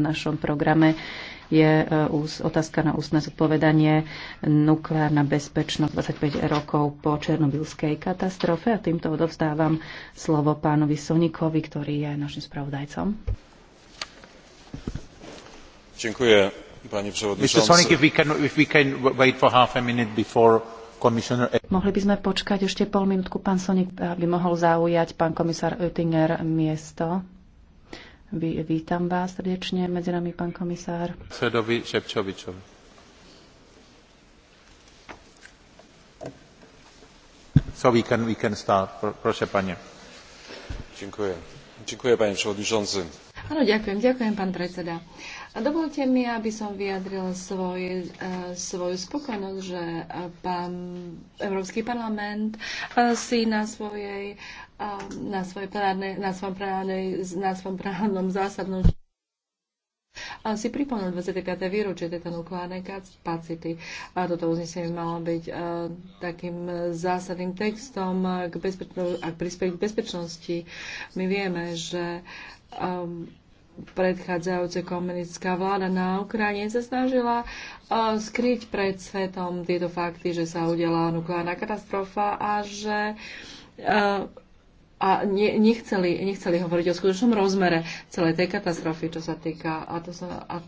na našom programe je e, otázka na ústne zodpovedanie nukleárna bezpečnosť 25 rokov po černobylskej katastrofe. A týmto odovzdávam slovo pánovi Sonikovi, ktorý je našim spravodajcom. Ďakujem, pani Mohli by sme počkať ešte pol minútku, pán Sonik, aby mohol zaujať pán komisár Oettinger miesto. Vítam vás srdečne medzi nami, pán komisár. Sedovi Šepčovičovi. So we can, we can start. Proszę, panie. Dziękuję. Dziękuję, panie przewodniczący. Ano, ďakujem, ďakujem, pán predseda. Uh, a Dovolte mi, aby som vyjadrila svoj, e, svoju spokojnosť, že e, pán Európsky parlament e, si na svojej na, svojej plenárnej, na, svojom plenárnej, na svojom plenárnom zásadnom si pripomínam 25. výročie tejto nukleárnej kapacity. A toto uznesenie malo byť uh, takým zásadným textom k bezpečno- a prispieť k bezpečnosti. My vieme, že um, predchádzajúca komunická vláda na Ukrajine sa snažila uh, skryť pred svetom tieto fakty, že sa udela nukleárna katastrofa a že uh, a ne, nechceli, nechceli hovoriť o skutočnom rozmere celej tej katastrofy, čo sa týka a to sa, a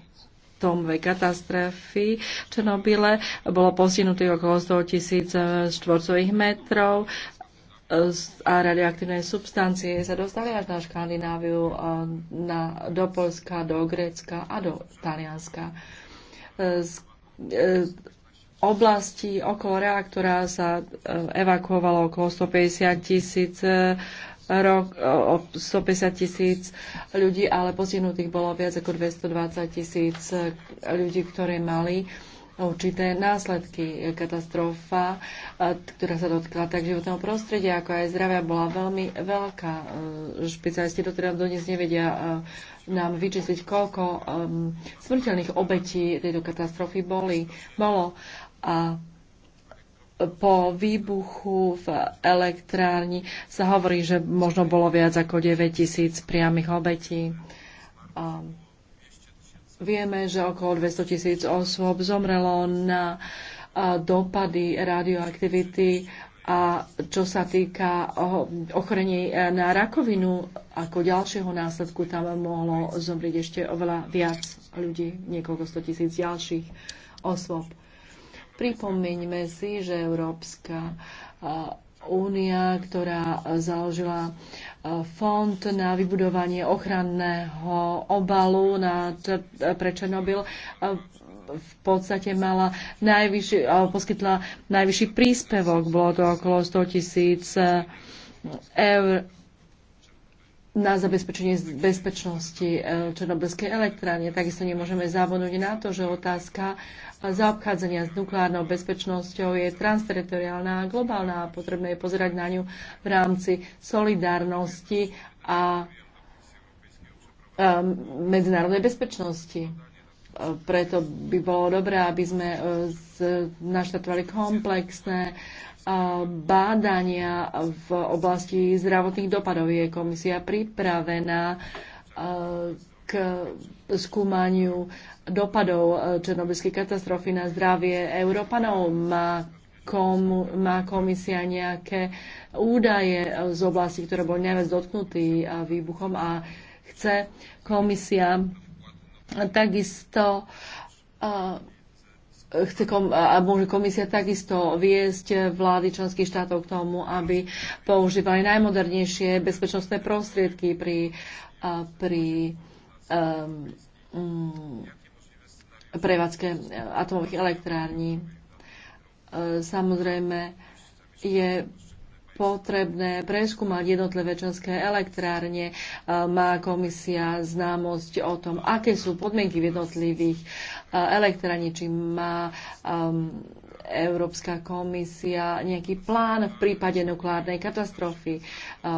atomovej katastrofy v Černobyle. Bolo postihnutých okolo 100 tisíc štvorcových metrov a radioaktívne substancie sa dostali až na Škandináviu, na, do Polska, do Grécka a do Talianska. Z e, oblasti okolo reaktora sa e, evakuovalo okolo 150 tisíc e, rok, 150 tisíc ľudí, ale postihnutých bolo viac ako 220 tisíc ľudí, ktoré mali určité následky. E, katastrofa, e, ktorá sa dotkla tak životného prostredia, ako aj zdravia, bola veľmi veľká. E, špecialisti to teda dodnes nevedia nám vyčísliť, koľko um, smrteľných obetí tejto katastrofy boli, bolo. A po výbuchu v elektrárni sa hovorí, že možno bolo viac ako 9 tisíc priamých obetí. Um, Vieme, že okolo 200 tisíc osôb zomrelo na dopady radioaktivity a čo sa týka ochorení e, na rakovinu, ako ďalšieho následku tam mohlo zomrieť ešte oveľa viac ľudí, niekoľko 100 tisíc ďalších osôb. Pripomeňme si, že Európska únia, ktorá založila fond na vybudovanie ochranného obalu na, e, pre Černobyl e, v podstate mala najvyšší, e, poskytla najvyšší príspevok, bolo to okolo 100 tisíc eur na zabezpečenie bezpečnosti e, Černobylskej elektrárne. Takisto nemôžeme závodnúť na to, že otázka zaobchádzania s nukleárnou bezpečnosťou je transteritoriálna a globálna a potrebné je pozerať na ňu v rámci solidárnosti a e, medzinárodnej bezpečnosti. E, preto by bolo dobré, aby sme naštartovali komplexné bádania v oblasti zdravotných dopadov. Je komisia pripravená e, k skúmaniu dopadov e, Černobylskej katastrofy na zdravie Európanov? Má kom, má komisia nejaké údaje z oblasti, ktoré boli najviac dotknutý e, výbuchom a chce komisia takisto uh, chce kom, a môže komisia takisto viesť vlády členských štátov k tomu, aby používali najmodernejšie bezpečnostné prostriedky pri, pri um, um, prevádzke atomových elektrární. E, samozrejme, je potrebné preskúmať jednotlivé členské elektrárne. E, má komisia známosť o tom, aké sú podmienky v jednotlivých e, elektrárni, či má um, Európska komisia nejaký plán v prípade nukleárnej katastrofy. E,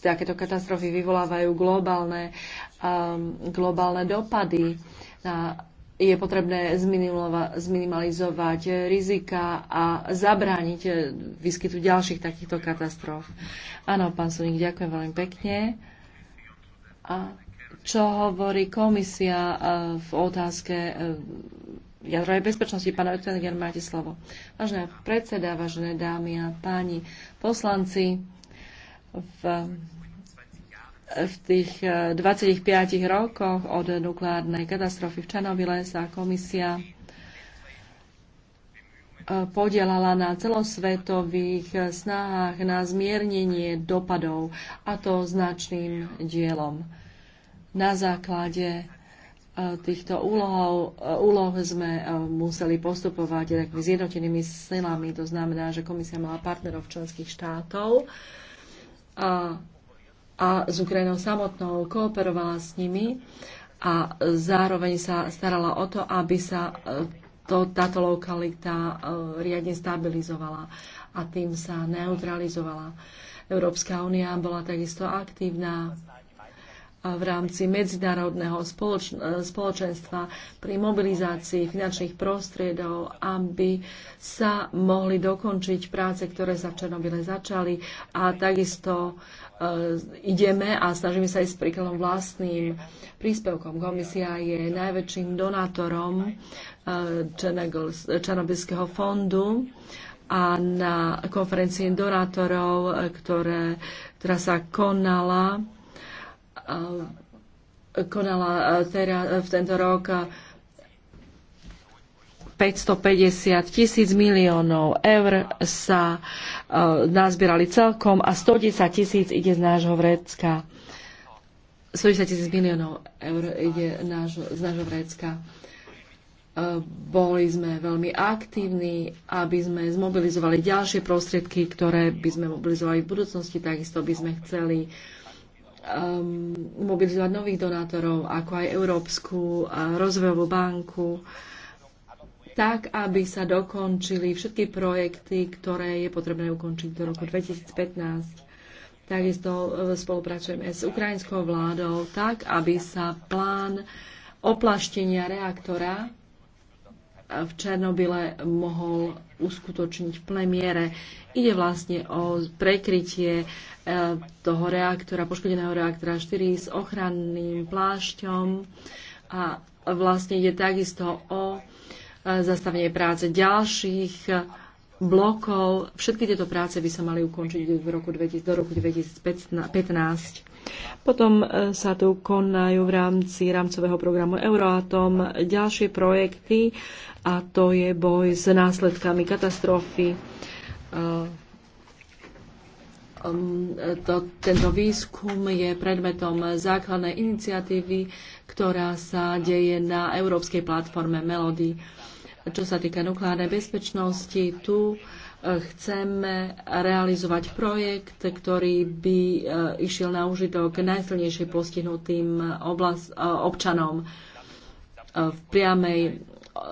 takéto katastrofy vyvolávajú globálne, um, globálne dopady na je potrebné zminimalizovať rizika a zabrániť e, výskytu ďalších takýchto katastrof. Áno, pán Sunik, ďakujem veľmi pekne. A čo hovorí komisia e, v otázke e, jadrovej bezpečnosti? Pán Oettinger, máte slovo. Vážená predseda, vážené dámy a páni poslanci, v v tých 25 eh, rokoch od nukleárnej katastrofy v Černobyle sa komisia eh, podielala na celosvetových snahách na zmiernenie dopadov, a to značným dielom. Na základe eh, týchto úlohov, úloh sme museli postupovať takými zjednotenými silami. To znamená, že komisia mala partnerov členských štátov, a a s Ukrajinou samotnou, kooperovala s nimi a zároveň sa starala o to, aby sa e, to, táto lokalita e, riadne stabilizovala a tým sa neutralizovala. Európska únia bola takisto aktívna v rámci medzinárodného spoloč- e, spoločenstva pri mobilizácii finančných prostriedov, aby sa mohli dokončiť práce, ktoré sa v Černobyle začali. A takisto e, ideme a snažíme sa ísť príkladom vlastným príspevkom. Komisia je najväčším donátorom e, Černobylského fondu a na konferencii donátorov, e, ktoré, ktorá sa konala konala teraz, v tento rok 550 tisíc miliónov eur sa nazbierali celkom a 110 tisíc ide z nášho vrecka. 110 tisíc miliónov eur ide náš, z nášho vrecka. boli sme veľmi aktívni, aby sme zmobilizovali ďalšie prostriedky, ktoré by sme mobilizovali v budúcnosti. Takisto by sme chceli uh, um, mobilizovať nových donátorov, ako aj Európsku rozvojovú banku, tak, aby sa dokončili všetky projekty, ktoré je potrebné ukončiť do roku 2015. Takisto uh, spolupracujeme s ukrajinskou vládou, tak, aby sa plán oplaštenia reaktora v Černobyle mohol uskutočniť v plnej miere. Ide vlastne o prekrytie e, toho reaktora, poškodeného reaktora 4 s ochranným plášťom a vlastne ide takisto o e, zastavenie práce ďalších blokov. Všetky tieto práce by sa mali ukončiť v roku 2000, do roku 2015. Potom e, sa tu konajú v rámci rámcového programu Euroatom ďalšie projekty a to je boj s následkami katastrofy. Ehm, ehm, to, tento výskum je predmetom základnej iniciatívy, ktorá sa deje na európskej platforme Melody. Čo sa týka nukleárnej bezpečnosti, tu e, chceme realizovať projekt, ktorý by e, išiel na užitok najsilnejšie postihnutým oblast, e, občanom v priamej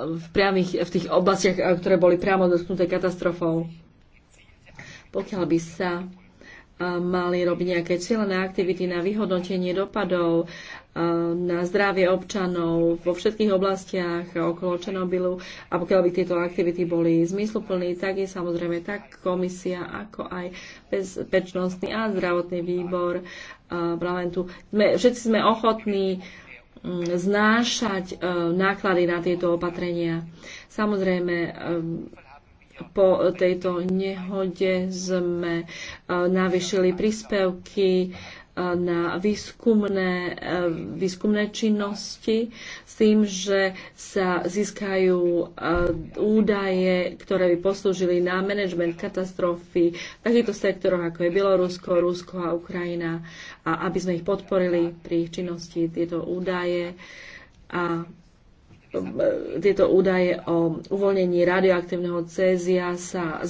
v, priamých, v tých oblastiach, eh, ktoré boli priamo dotknuté katastrofou. Pokiaľ by sa eh, mali robiť nejaké cieľené aktivity na vyhodnotenie dopadov eh, na zdravie občanov vo všetkých oblastiach okolo Černobylu a pokiaľ by tieto aktivity boli zmysluplné, tak je samozrejme tak komisia, ako aj bezpečnostný a zdravotný výbor parlamentu. všetci sme ochotní uh, znášať e, náklady na tieto opatrenia. Samozrejme, e, po tejto nehode sme e, navyšili príspevky na výskumné, e, výskumné činnosti s tým, že sa získajú e, údaje, ktoré by poslúžili na management katastrofy v takýchto sektoroch, ako je Bielorusko, Rusko a Ukrajina, a aby sme ich podporili pri ich činnosti tieto údaje a e, tieto údaje o uvoľnení radioaktívneho cézia sa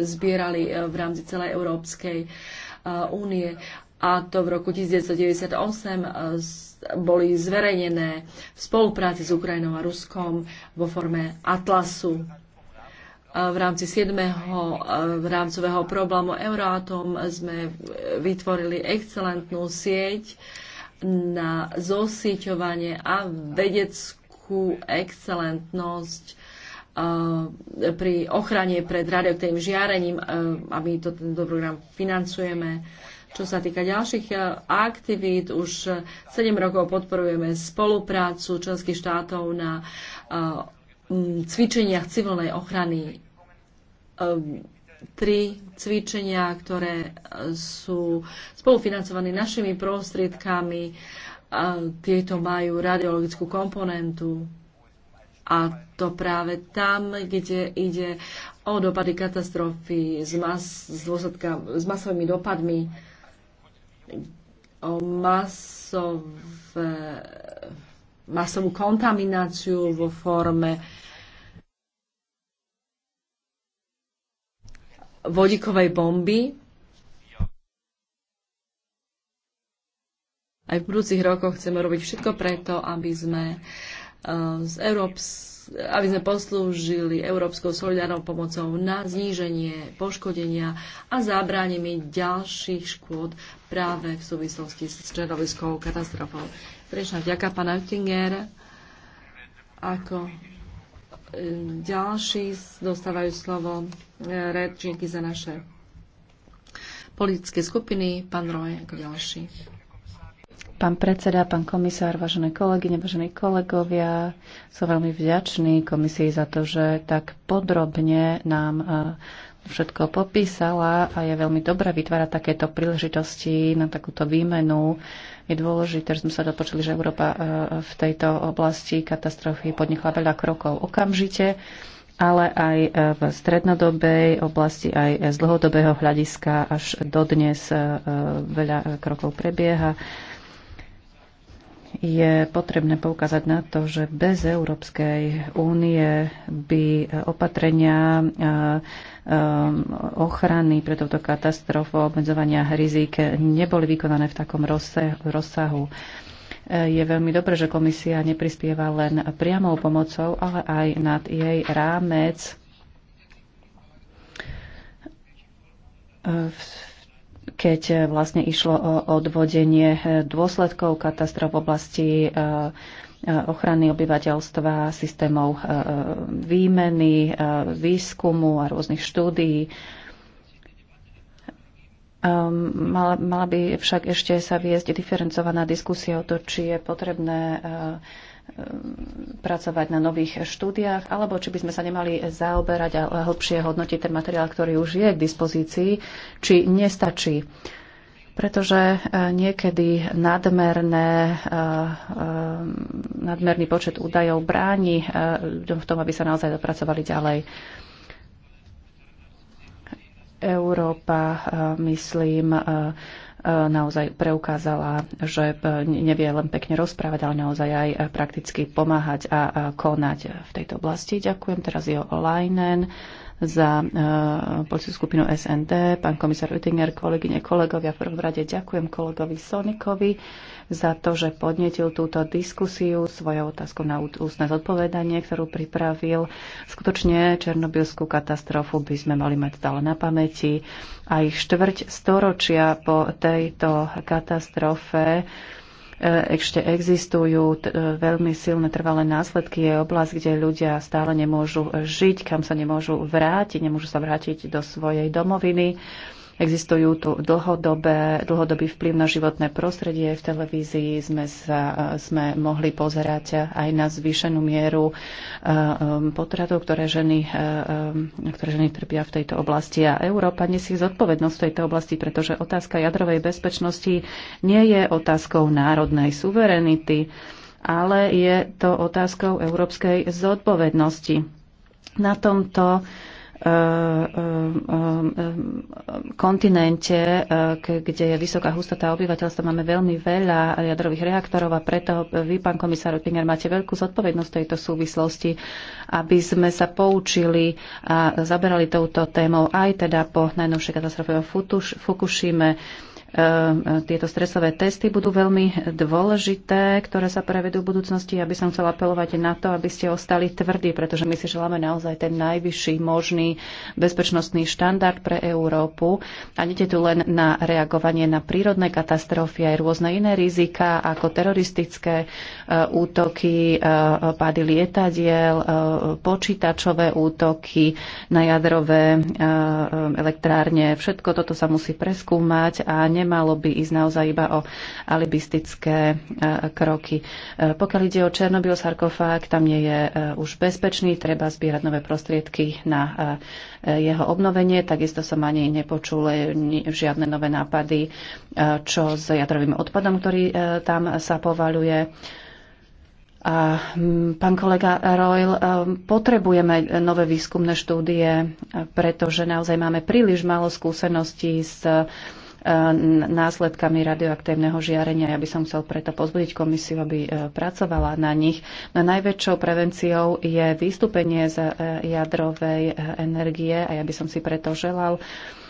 zbierali v rámci celej európskej Eh, únie. A to v roku 1998 eh, boli zverejnené v spolupráci s Ukrajinou a Ruskom vo forme Atlasu eh, v rámci 7. rámcového problému Euroatom sme vytvorili excelentnú sieť na zosieťovanie a vedeckú excelentnosť Eh, pri ochrane pred radioaktívnym žiarením eh, a my to tento program financujeme. Čo sa týka ďalších eh, aktivít, už 7 rokov podporujeme spoluprácu členských štátov na cvičeniach civilnej ochrany. Ehm, tri cvičenia, ktoré sú spolufinancované našimi prostriedkami, tieto majú radiologickú komponentu a to práve tam, kde ide o dopady katastrofy s, mas, s, dôsledka, s masovými dopadmi, o masové, masovú kontamináciu vo forme vodíkovej bomby. Aj v budúcich rokoch chceme robiť všetko preto, aby sme uh, Eh, z Európs- aby sme poslúžili európskou solidárnou pomocou na zníženie poškodenia a zábránenie ďalších škôd práve v súvislosti s stredovskou katastrofou. Prečná vďaka, pán Oettinger. Ako eh, ďalší dostávajú slovo eh, rečníky za naše politické skupiny. Pán Roje ako ďalší. Pán predseda, pán komisár, vážené kolegyne, nevážení kolegovia, som veľmi vďačný komisii za to, že tak podrobne nám e, všetko popísala a je veľmi dobré vytvárať takéto príležitosti na takúto výmenu. Je dôležité, že sme sa dopočuli, že Európa e, v tejto oblasti katastrofy podnikla veľa krokov okamžite, ale aj e, v strednodobej oblasti, aj z dlhodobého hľadiska až dodnes veľa krokov prebieha je potrebné poukázať na to, že bez Európskej únie by opatrenia ochrany pre touto katastrofu obmedzovania rizik neboli vykonané v takom rozsahu. Je veľmi dobré, že komisia neprispieva len priamou pomocou, ale aj nad jej rámec keď eh, vlastne išlo o odvodenie eh, dôsledkov katastrof v oblasti eh, ochrany obyvateľstva, systémov výmeny, výskumu a rôznych štúdií. Ehm, mala, mala by však ešte sa viesť diferencovaná diskusia o to, či je potrebné Eh, pracovať na nových štúdiách, alebo či by sme sa nemali zaoberať a hĺbšie hodnotiť ten materiál, ktorý už je k dispozícii, či nestačí. Pretože eh, niekedy nadmerné, eh, nadmerný počet údajov bráni ľuďom v tom, aby sa naozaj dopracovali ďalej. Európa, myslím, naozaj preukázala, že e, nevie len pekne rozprávať, ale naozaj aj e, prakticky pomáhať a e, konať v tejto oblasti. Ďakujem. Teraz je o Leinen za e, politickú skupinu SND, pán komisár Oettinger, kolegyne, kolegovia. V prvom rade ďakujem kolegovi Sonikovi za to, že podnetil túto diskusiu svojou otázkou na ústne zodpovedanie, ktorú pripravil. Skutočne černobylskú katastrofu by sme mali mať stále na pamäti. Aj štvrť storočia po tejto katastrofe E, ešte existujú e, veľmi silné trvalé následky. Je oblasť, kde ľudia stále nemôžu žiť, kam sa nemôžu vrátiť, nemôžu sa vrátiť do svojej domoviny Existujú tu dlhodobé, dlhodobý vplyv na životné prostredie. V televízii sme, sa, sme mohli pozerať aj na zvýšenú mieru eh, eh, potratov, ktoré ženy, eh, ktoré ženy trpia v tejto oblasti. A Európa nesie zodpovednosť v tejto oblasti, pretože otázka jadrovej bezpečnosti nie je otázkou národnej suverenity, ale je to otázkou európskej zodpovednosti. Na tomto uh, kontinente, eh, eh, kde je vysoká hustota obyvateľstva, máme veľmi veľa jadrových reaktorov a preto vy, pán komisár Oettinger, máte veľkú zodpovednosť tejto súvislosti, aby sme sa poučili a zaberali touto témou aj teda po najnovšej katastrofe o Fukushime Ehm, tieto stresové testy budú veľmi dôležité, ktoré sa prevedú v budúcnosti. Ja by som chcela apelovať na to, aby ste ostali tvrdí, pretože my si želáme naozaj ten najvyšší možný bezpečnostný štandard pre Európu. A je tu len na reagovanie na prírodné katastrofy aj rôzne iné rizika, ako teroristické e, útoky, e, pády lietadiel, e, počítačové útoky na jadrové elektrárne. Všetko toto sa musí preskúmať a nemalo by ísť naozaj iba o alibistické e, kroky. E, pokiaľ ide o Černobyl sarkofág, tam nie je e, už bezpečný, treba zbierať nové prostriedky na jeho obnovenie. Takisto som ani nepočul žiadne nové nápady, čo s jadrovým odpadom, ktorý tam sa povaluje. A pán kolega Royal, potrebujeme nové výskumné štúdie, pretože naozaj máme príliš málo skúseností s E, následkami radioaktívneho žiarenia. Ja by som chcel preto pozbudiť komisiu, aby e, pracovala na nich. Na no, najväčšou prevenciou je vystúpenie z e, jadrovej energie a ja by som si preto želal,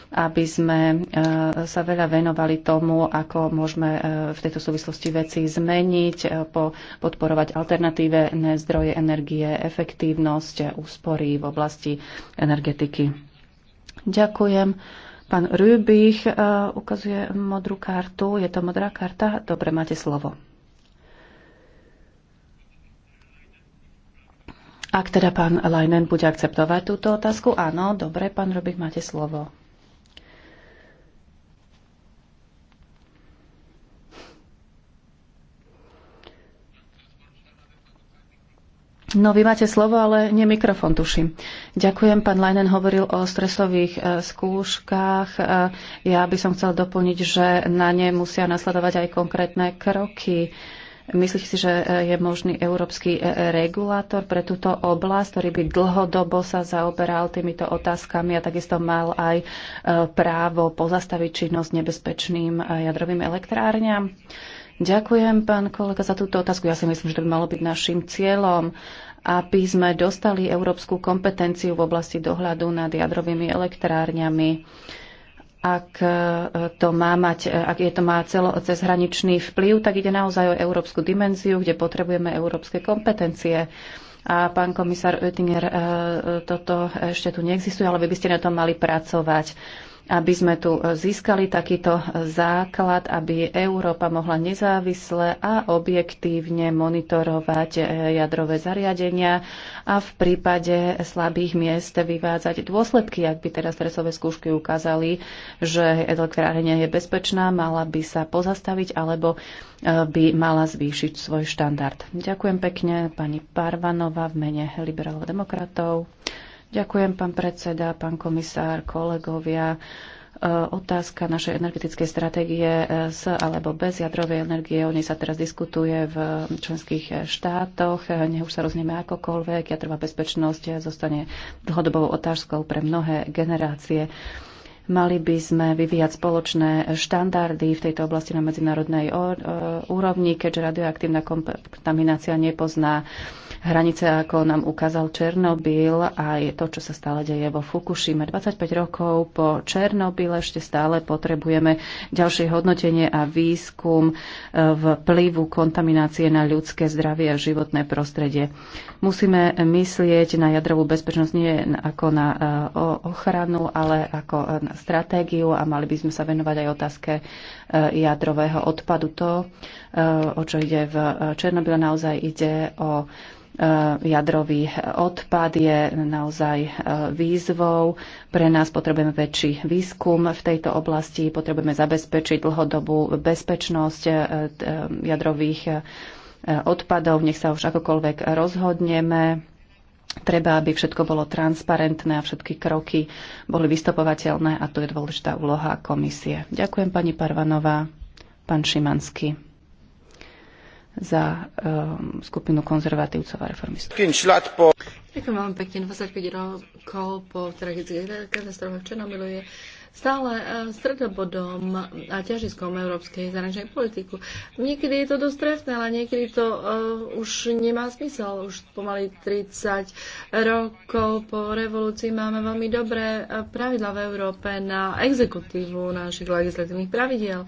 aby sme sa veľa venovali tomu, ako môžeme v tejto súvislosti veci zmeniť, podporovať alternatívne zdroje energie, efektívnosť, úspory v oblasti energetiky. Ďakujem. Pán Rübich e, ukazuje modrú kartu. Je to modrá karta? Dobre, máte slovo. Ak teda pán Leinen bude akceptovať túto otázku, áno, dobre, pán Rubik, máte slovo. No, vy máte slovo, ale nie mikrofon tuším. Ďakujem, pán Leinen hovoril o stresových e, skúškach. E, ja by som chcel doplniť, že na ne musia nasledovať aj konkrétne kroky. Myslíte si, že e, je možný európsky regulátor pre túto oblasť, ktorý by dlhodobo sa zaoberal týmito otázkami a takisto mal aj právo pozastaviť činnosť nebezpečným jadrovým elektrárňam? Ďakujem, pán kolega, za túto otázku. Ja si myslím, že to by malo byť našim cieľom, aby sme dostali európsku kompetenciu v oblasti dohľadu nad jadrovými elektrárňami. Ak, e, to má mať, e, ak je to má celo, cezhraničný vplyv, tak ide naozaj o európsku dimenziu, kde potrebujeme európske kompetencie. A pán komisár Oettinger, e, toto ešte tu neexistuje, ale vy by ste na tom mali pracovať aby sme tu e, získali takýto e, základ, aby Európa mohla nezávisle a objektívne monitorovať e, jadrové zariadenia a v prípade slabých miest vyvádzať dôsledky. Ak by teraz stresové skúšky ukázali, že elektrárenia je bezpečná, mala by sa pozastaviť alebo by mala zvýšiť svoj štandard. Ďakujem pekne pani Parvanova v mene liberálov demokratov. Ďakujem, pán predseda, pán komisár, kolegovia e, otázka našej energetickej stratégie e, s alebo bez jadrovej energie. O nej sa teraz diskutuje v členských štátoch. E, nech už sa roznieme akokoľvek. Jadrová bezpečnosť zostane dlhodobou otázkou pre mnohé generácie. Mali by sme vyvíjať spoločné štandardy v tejto oblasti na medzinárodnej úrovni, keďže radioaktívna kontaminácia nepozná hranice, ako nám ukázal Černobyl a je to, čo sa stále deje vo Fukushima. 25 rokov po Černobyle ešte stále potrebujeme ďalšie hodnotenie a výskum e, vplyvu kontaminácie na ľudské zdravie a životné prostredie. Musíme myslieť na jadrovú bezpečnosť nie ako na e, ochranu, ale ako e, na stratégiu a mali by sme sa venovať aj otázke jadrového odpadu. To, o čo ide v Černobyle, naozaj ide o Eh, jadrový odpad je naozaj eh, výzvou. Pre nás potrebujeme väčší výskum v tejto oblasti, potrebujeme zabezpečiť dlhodobú bezpečnosť eh, jadrových odpadov, nech sa už akokoľvek rozhodneme. Treba, aby všetko bolo transparentné a všetky kroky boli vystopovateľné a to je dôležitá úloha komisie. Ďakujem pani Parvanová, pán Šimanský za um, skupinu konzervatívcov a reformistov. Po... Ďakujem veľmi pekne. 25 rokov po tragickej katastrofe v Černobylu je stále e, stredobodom a ťažiskom európskej zahraničnej politiku. Niekedy je to dosť trefné, ale niekedy to uh, už nemá smysel. Už pomaly 30 rokov po revolúcii máme veľmi dobré e, pravidla v Európe na exekutívu našich legislatívnych pravidiel.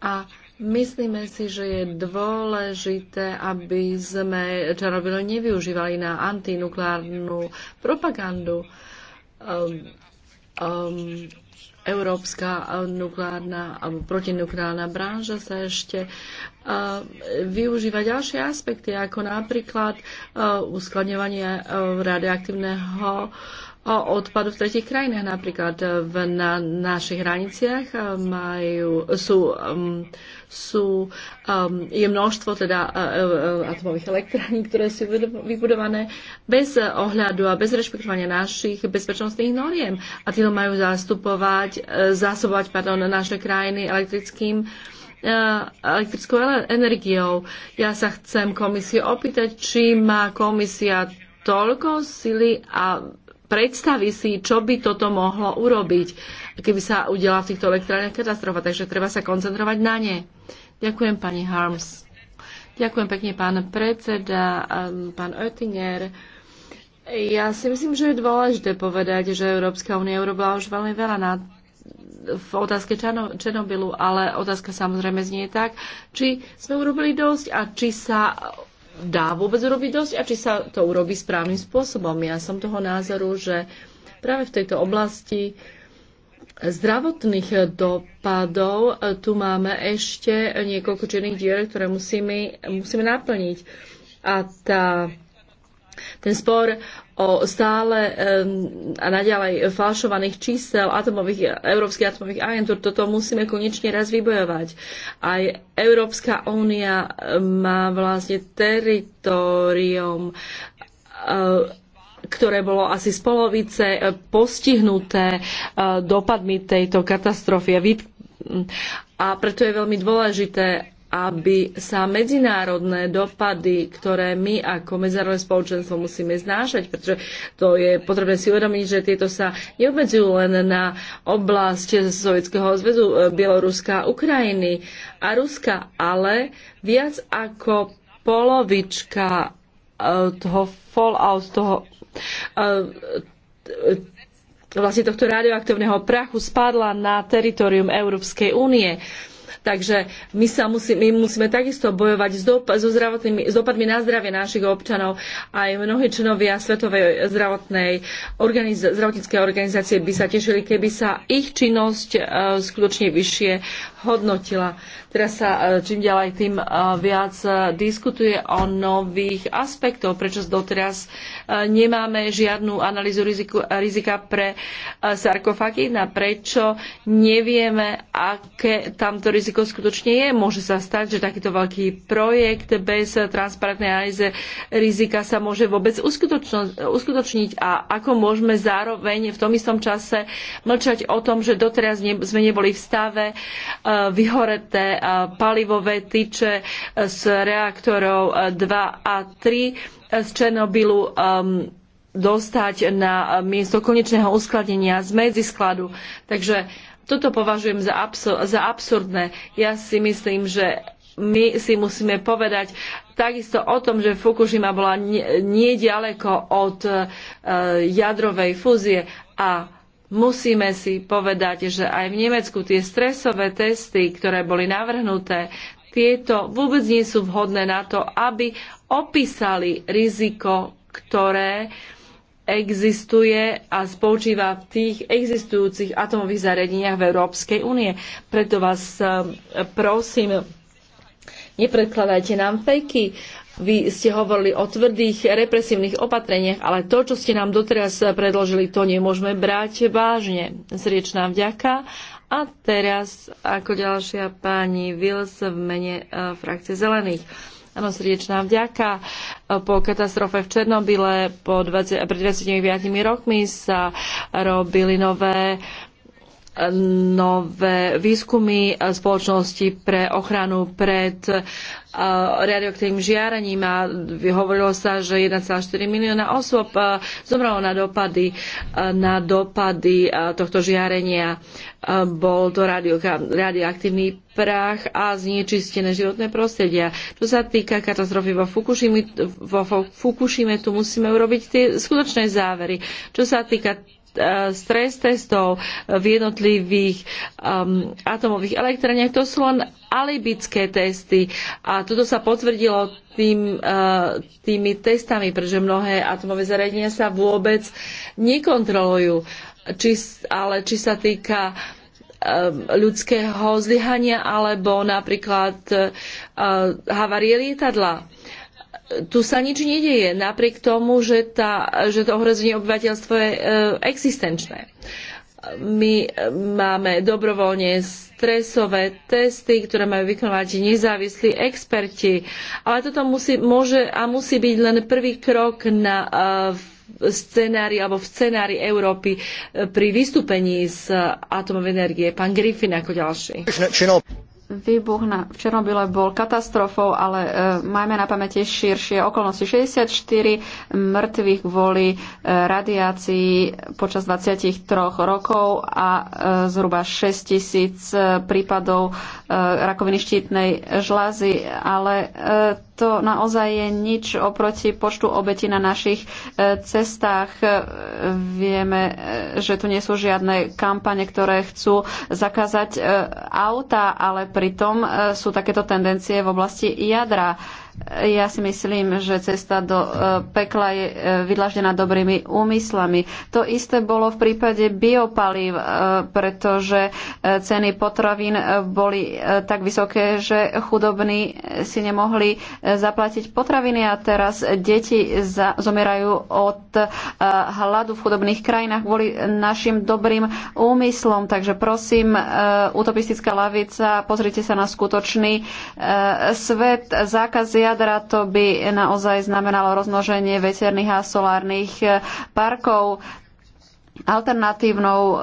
A Myslíme si, že je dôležité, aby sme Černobylo nevyužívali na antinukleárnu propagandu. Um, um, európska nukleárna alebo protinukleárna branža sa ešte uh, využíva ďalšie aspekty, ako napríklad uh, uskladňovanie uh, radioaktívneho uh, odpadu v tretich krajinách. Napríklad v, na našich hraniciach eh, majú, sú, sú, je množstvo teda eh, eh, atomových elektrární, ktoré sú vybudované bez ohľadu a bez rešpektovania našich bezpečnostných noriem. A tieto majú zastupovať, zásobovať pardon, naše krajiny elektrickým elektrickou energiou. Ja sa chcem komisie opýtať, či má komisia toľko sily a predstaví si, čo by toto mohlo urobiť, keby sa udiela v týchto elektrárniach katastrofa. Takže treba sa koncentrovať na ne. Ďakujem, pani Harms. Ďakujem pekne, pán predseda, um, pán Oettinger. Ja si myslím, že je dôležité povedať, že Európska únia urobila už veľmi veľa na v otázke Černobylu, ale otázka samozrejme znie tak, či sme urobili dosť a či sa dá vôbec urobiť dosť a či sa to urobí správnym spôsobom. Ja som toho názoru, že práve v tejto oblasti zdravotných dopadov e, tu máme ešte niekoľko činných dier, ktoré musíme, musíme naplniť. A tá, ten spor o stále a naďalej falšovaných čísel atomových, európskych atomových agentúr. Toto musíme konečne raz vybojovať. Aj Európska únia má vlastne teritorium ktoré bolo asi z polovice postihnuté dopadmi tejto katastrofy. A preto je veľmi dôležité, aby sa medzinárodné dopady, ktoré my ako medzinárodné spoločenstvo musíme znášať, pretože to je potrebné si uvedomiť, že tieto sa neobmedzujú len na oblasti Sovjetského zväzu e, Bieloruska, Ukrajiny a Ruska, ale viac ako polovička e, toho fallout, toho e, vlastne tohto radioaktívneho prachu spadla na teritorium Európskej únie. Takže my, sa musí, my musíme takisto bojovať s, dop- so zdravotnými, s dopadmi na zdravie našich občanov. Aj mnohí členovia Svetovej zdravotnej organiz- zdravotníckej organizácie by sa tešili, keby sa ich činnosť uh, skutočne vyššie hodnotila. Teraz sa uh, čím ďalej tým uh, viac uh, diskutuje o nových aspektoch, prečo doteraz uh, nemáme žiadnu analýzu rizika pre eh, na Prečo nevieme, aké tamto riziko skutočne je? Môže sa stať, že takýto veľký projekt bez transparentnej analýze rizika sa môže vôbec uskutočniť a ako môžeme zároveň v tom istom čase mlčať o tom, že doteraz sme neboli v stave eh, vyhoreté eh, palivové tyče z reaktorov 2 a 3 z Černobylu um, dostať na miesto konečného uskladnenia z medziskladu. Takže toto považujem za, absur- za absurdné. Ja si myslím, že my si musíme povedať takisto o tom, že Fukushima bola niedaleko od uh, jadrovej fúzie a musíme si povedať, že aj v Nemecku tie stresové testy, ktoré boli navrhnuté, tieto vôbec nie sú vhodné na to, aby opísali riziko, ktoré existuje a spočíva v tých existujúcich atomových zariadeniach v Európskej únie. Preto vás eh, prosím, nepredkladajte nám fejky. Vy ste hovorili o tvrdých represívnych opatreniach, ale to, čo ste nám doteraz predložili, to nemôžeme brať vážne. Zriečná vďaka. A teraz ako ďalšia pani Wills v mene e, frakcie Zelených. Áno, srdečná vďaka. E, po katastrofe v Černobyle po 20, e, pred 25 rokmi sa robili nové nové výskumy spoločnosti pre ochranu pred radioaktívnym žiarením a hovorilo sa, že 1,4 milióna osôb e, zomrelo na dopady, e, na dopady e, tohto žiarenia. Bol to radio, radioaktívny prach a znečistené životné prostredia. Čo sa týka katastrofy vo Fukushime, vo Fukushime tu musíme urobiť tie skutočné závery. Čo sa týka Eh, stres testov v jednotlivých um, atomových To sú len alibické testy a toto sa potvrdilo tým, uh, tými testami, pretože mnohé atomové zariadenia sa vôbec nekontrolujú. Či, ale či sa týka ľudského zlyhania alebo napríklad uh, eh, havarie lietadla tu sa nič nedieje, napriek tomu, že, tá, že to ohrozenie obyvateľstva je e, existenčné. My e, máme dobrovoľne stresové testy, ktoré majú vykonávať nezávislí experti, ale toto musí, môže a musí byť len prvý krok na e, scenári alebo v scenári Európy pri vystúpení z atomovej energie. Pán Griffin ako ďalší výbuch na, v Černobyle bol katastrofou, ale e, majme na pamäti širšie okolnosti. 64 mŕtvych kvôli e, radiácii počas 23 rokov a e, zhruba 6 tisíc e, prípadov e, rakoviny štítnej žľazy, ale e, to naozaj je nič oproti počtu obetí na našich e, cestách. E, vieme, e, že tu nie sú žiadne kampane, ktoré chcú zakázať auta, ale pritom sú takéto tendencie v oblasti jadra ja si myslím, že cesta do e, pekla je e, vydlaždená dobrými úmyslami. To isté bolo v prípade biopalív, e, pretože ceny potravín boli tak vysoké, že chudobní si nemohli zaplatiť potraviny a teraz deti zomierajú od hladu v chudobných krajinách kvôli našim dobrým úmyslom. Takže prosím, utopistická lavica, pozrite sa na skutočný svet. Zákazia jadra, to by naozaj znamenalo rozmnoženie veterných a solárnych e, parkov. Alternatívnou e,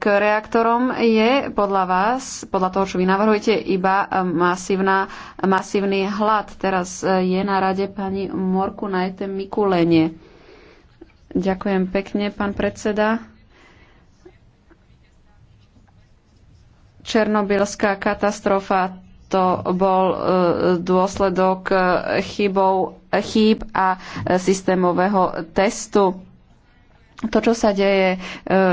k reaktorom je podľa vás, podľa toho, čo vy navrhujete, iba e, masívna, masívny hlad. Teraz je na rade pani Morku na Mikulenie. Ďakujem pekne, pán predseda. Černobylská katastrofa to bol e, dôsledok e, chybov, e, chýb a systémového testu. To, čo sa deje e,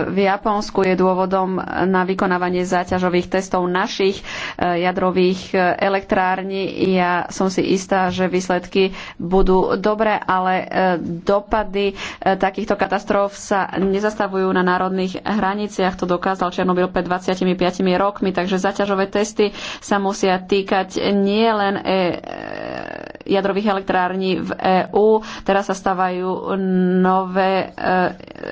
v Japonsku, je dôvodom na vykonávanie záťažových testov našich e, jadrových e, elektrární. Ja som si istá, že výsledky budú dobré, ale dopady takýchto katastrof sa nezastavujú na národných hraniciach. To dokázal Černobyl pred 25 rokmi, takže záťažové testy sa musia týkať nielen jadrových elektrární v EÚ. Teraz sa stavajú nové e,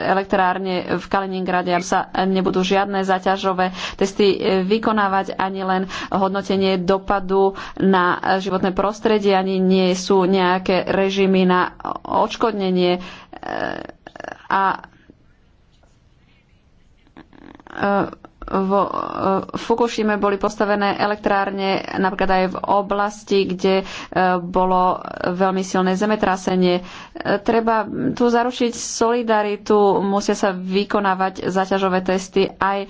elektrárne v Kaliningrade, aby sa nebudú žiadne zaťažové testy e, vykonávať, ani len hodnotenie dopadu na životné prostredie, ani nie sú nejaké režimy na odškodnenie. E, a E, v Fukushime boli postavené elektrárne napríklad aj v oblasti, kde e, bolo veľmi silné zemetrasenie. E, treba tu zaručiť solidaritu, musia sa vykonávať zaťažové testy aj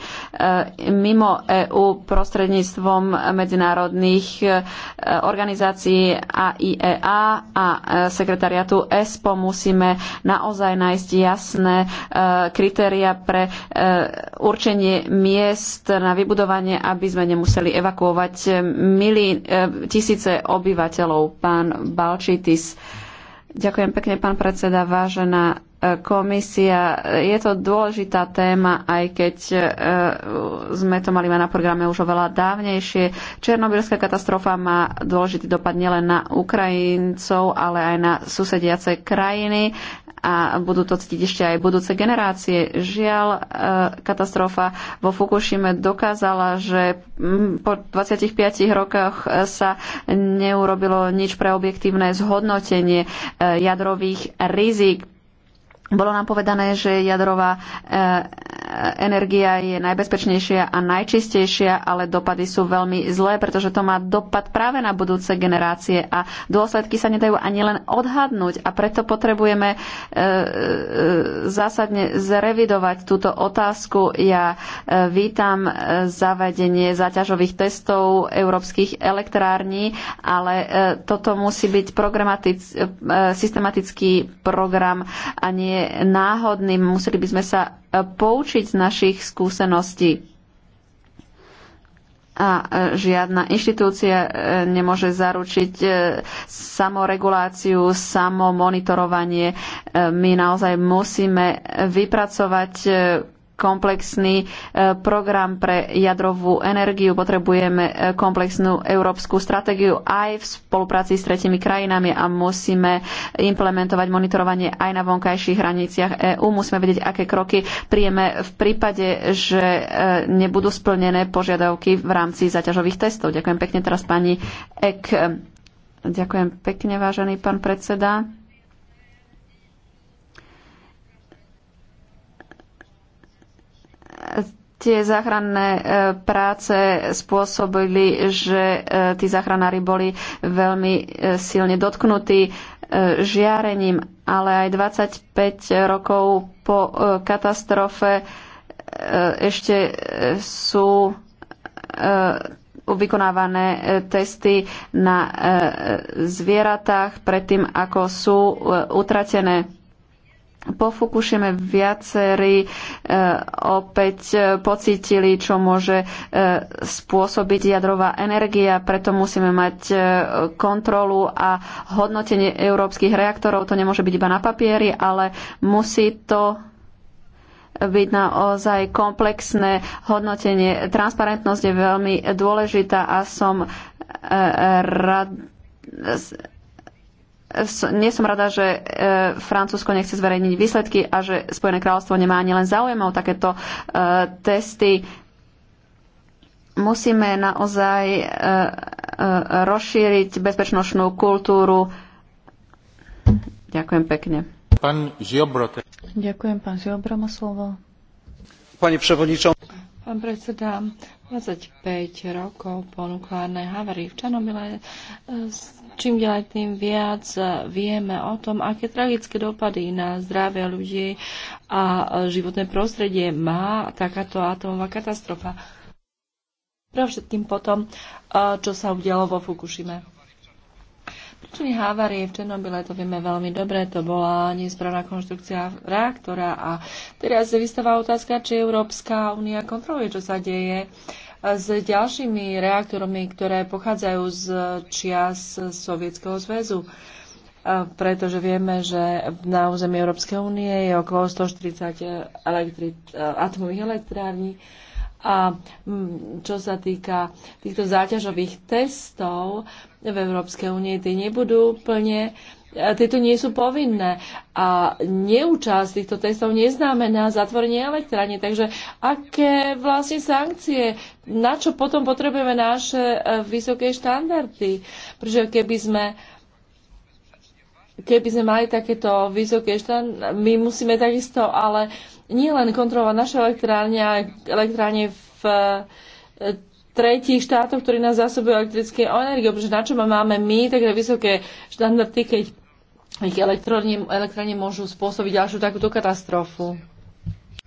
mimo EÚ prostredníctvom medzinárodných organizácií AIEA a sekretariatu ESPO. Musíme naozaj nájsť jasné kritéria pre určenie mier miest na vybudovanie, aby sme nemuseli evakuovať eh, milí, eh, tisíce obyvateľov. Pán Balčitis, ďakujem pekne, pán predseda, vážená eh, komisia. Je to dôležitá téma, aj keď sme to mali na programe už oveľa dávnejšie. Černobylská katastrofa má dôležitý dopad nielen na Ukrajincov, ale aj na susediace krajiny a budú to cítiť ešte aj budúce generácie. Žiaľ, e, katastrofa vo Fukushime dokázala, že mm, po 25 rokoch sa neurobilo nič pre objektívne zhodnotenie e, jadrových rizik. Bolo nám povedané, že jadrová e, energia je najbezpečnejšia a najčistejšia, ale dopady sú veľmi zlé, pretože to má dopad práve na budúce generácie a dôsledky sa nedajú ani len odhadnúť a preto potrebujeme e, e zásadne zrevidovať túto otázku. Ja e, vítam e, zavedenie záťažových testov európskych elektrární, ale toto musí byť programatic, systematický program a nie náhodný. Museli by sme sa poučiť z našich skúseností. A e, žiadna inštitúcia e, nemôže zaručiť e, samoreguláciu, samomonitorovanie. My naozaj musíme vypracovať komplexný e, program pre jadrovú energiu, potrebujeme e, komplexnú európsku stratégiu aj v spolupráci s tretimi krajinami a musíme implementovať monitorovanie aj na vonkajších hraniciach EÚ. Musíme vedieť, aké kroky prijeme v prípade, že e, nebudú splnené požiadavky v rámci zaťažových testov. Ďakujem pekne teraz pani Ek. Ďakujem pekne, vážený pán predseda. tie záchranné e, práce spôsobili, že e, tí záchranári boli veľmi e, silne dotknutí žiarením, ale aj 25 rokov po katastrofe ešte sú vykonávané testy na zvieratách predtým, ako sú utratené po Fukušime viacerí e, opäť e, pocítili, čo môže e, spôsobiť jadrová energia, preto musíme mať kontrolu a hodnotenie európskych reaktorov. To nemôže byť iba na papieri, ale musí to byť naozaj komplexné hodnotenie. Transparentnosť je veľmi dôležitá a som rád nie som rada, že e, Francúzsko nechce zverejniť výsledky a že Spojené kráľovstvo nemá ani len záujem o takéto e, testy. Musíme naozaj e, rozšíriť bezpečnostnú kultúru. Ďakujem pekne. Pán Žiobro. Ďakujem, pán Žiobro má slovo. Pani Pán predseda, 25 rokov po nukleárnej havárii v Černobyle čím ďalej tým viac vieme o tom, aké tragické dopady na zdravie ľudí a životné prostredie má takáto atomová katastrofa. Pre všetkým potom, čo sa udialo vo Fukushime. Príčiny havárie v Černobyle to vieme veľmi dobre, to bola nesprávna konštrukcia reaktora a teraz sa vystáva otázka, či Európska únia kontroluje, čo sa deje uh, s ďalšími reaktormi, ktoré pochádzajú z čias Sovietskeho zväzu e, pretože vieme, že na území Európskej únie je okolo 140 elektri- e, atomových elektrární. A čo sa týka týchto záťažových testov v Európskej únie, tie nebudú plne uh, tieto nie sú povinné. A neúčasť týchto testov neznamená zatvorenie elektráne. Takže aké vlastne sankcie, na čo potom potrebujeme naše e, vysoké štandardy? Pretože keby sme keby sme mali takéto vysoké štandardy, my musíme takisto, ale nie len kontrolovať naše elektrárne, ale elektrárne v e, tretích štátoch, ktorí nás zásobujú elektrické energiou, pretože na čo máme my také vysoké štandardy, keď ich elektrárne, elektrárne môžu spôsobiť ďalšiu takúto katastrofu.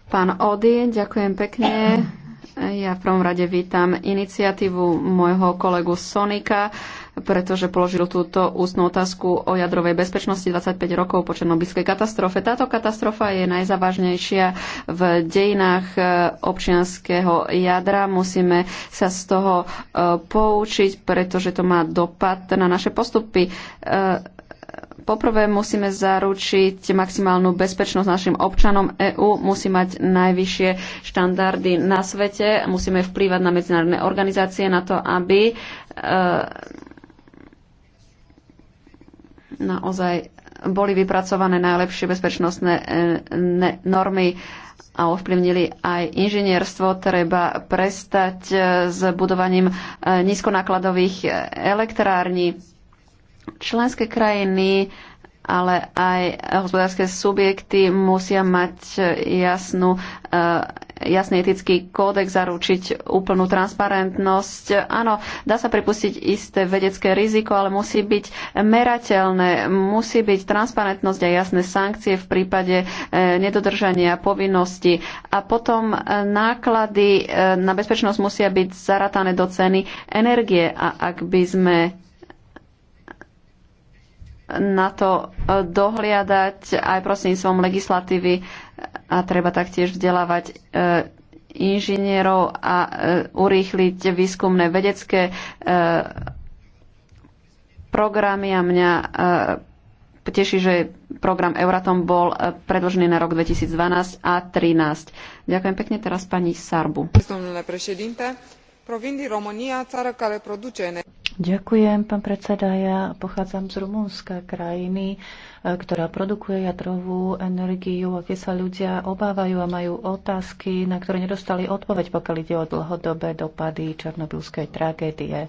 Pán Ody, ďakujem pekne. Ja v prvom rade vítam iniciatívu môjho kolegu Sonika, pretože položil túto ústnu otázku o jadrovej bezpečnosti 25 rokov po černobylskej katastrofe. Táto katastrofa je najzávažnejšia v dejinách eh, občianského jadra. Musíme sa z toho eh, poučiť, pretože to má dopad na naše postupy eh, Poprvé musíme zaručiť maximálnu bezpečnosť našim občanom. EÚ musí mať najvyššie štandardy na svete. Musíme vplývať na medzinárodné organizácie na to, aby e, naozaj boli vypracované najlepšie bezpečnostné e, normy a ovplyvnili aj inžinierstvo. Treba prestať e, s budovaním nízkonákladových elektrární Členské krajiny ale aj hospodárske subjekty musia mať jasnú, eh, jasný etický kódex, zaručiť úplnú transparentnosť. Áno, dá sa pripustiť isté vedecké riziko, ale musí byť merateľné, musí byť transparentnosť a jasné sankcie v prípade eh, nedodržania povinnosti. A potom eh, náklady na bezpečnosť musia byť zaratané do ceny energie. A ak by sme na to e, dohliadať aj prostredníctvom legislatívy a treba taktiež vzdelávať e, inžinierov a e, urýchliť výskumné vedecké programy a mňa teší, že program Euratom bol predložený na rok 2012 a 2013. Ďakujem pekne teraz pani Sarbu. Domnule președinte, provin din România, care produce energie. Ďakujem, pán predseda. Ja pochádzam z Rumunska, krajiny, e, ktorá produkuje jadrovú energiu, a keď sa ľudia obávajú a majú otázky, na ktoré nedostali odpoveď, pokiaľ ide o dlhodobé dopady černobylskej tragédie. E,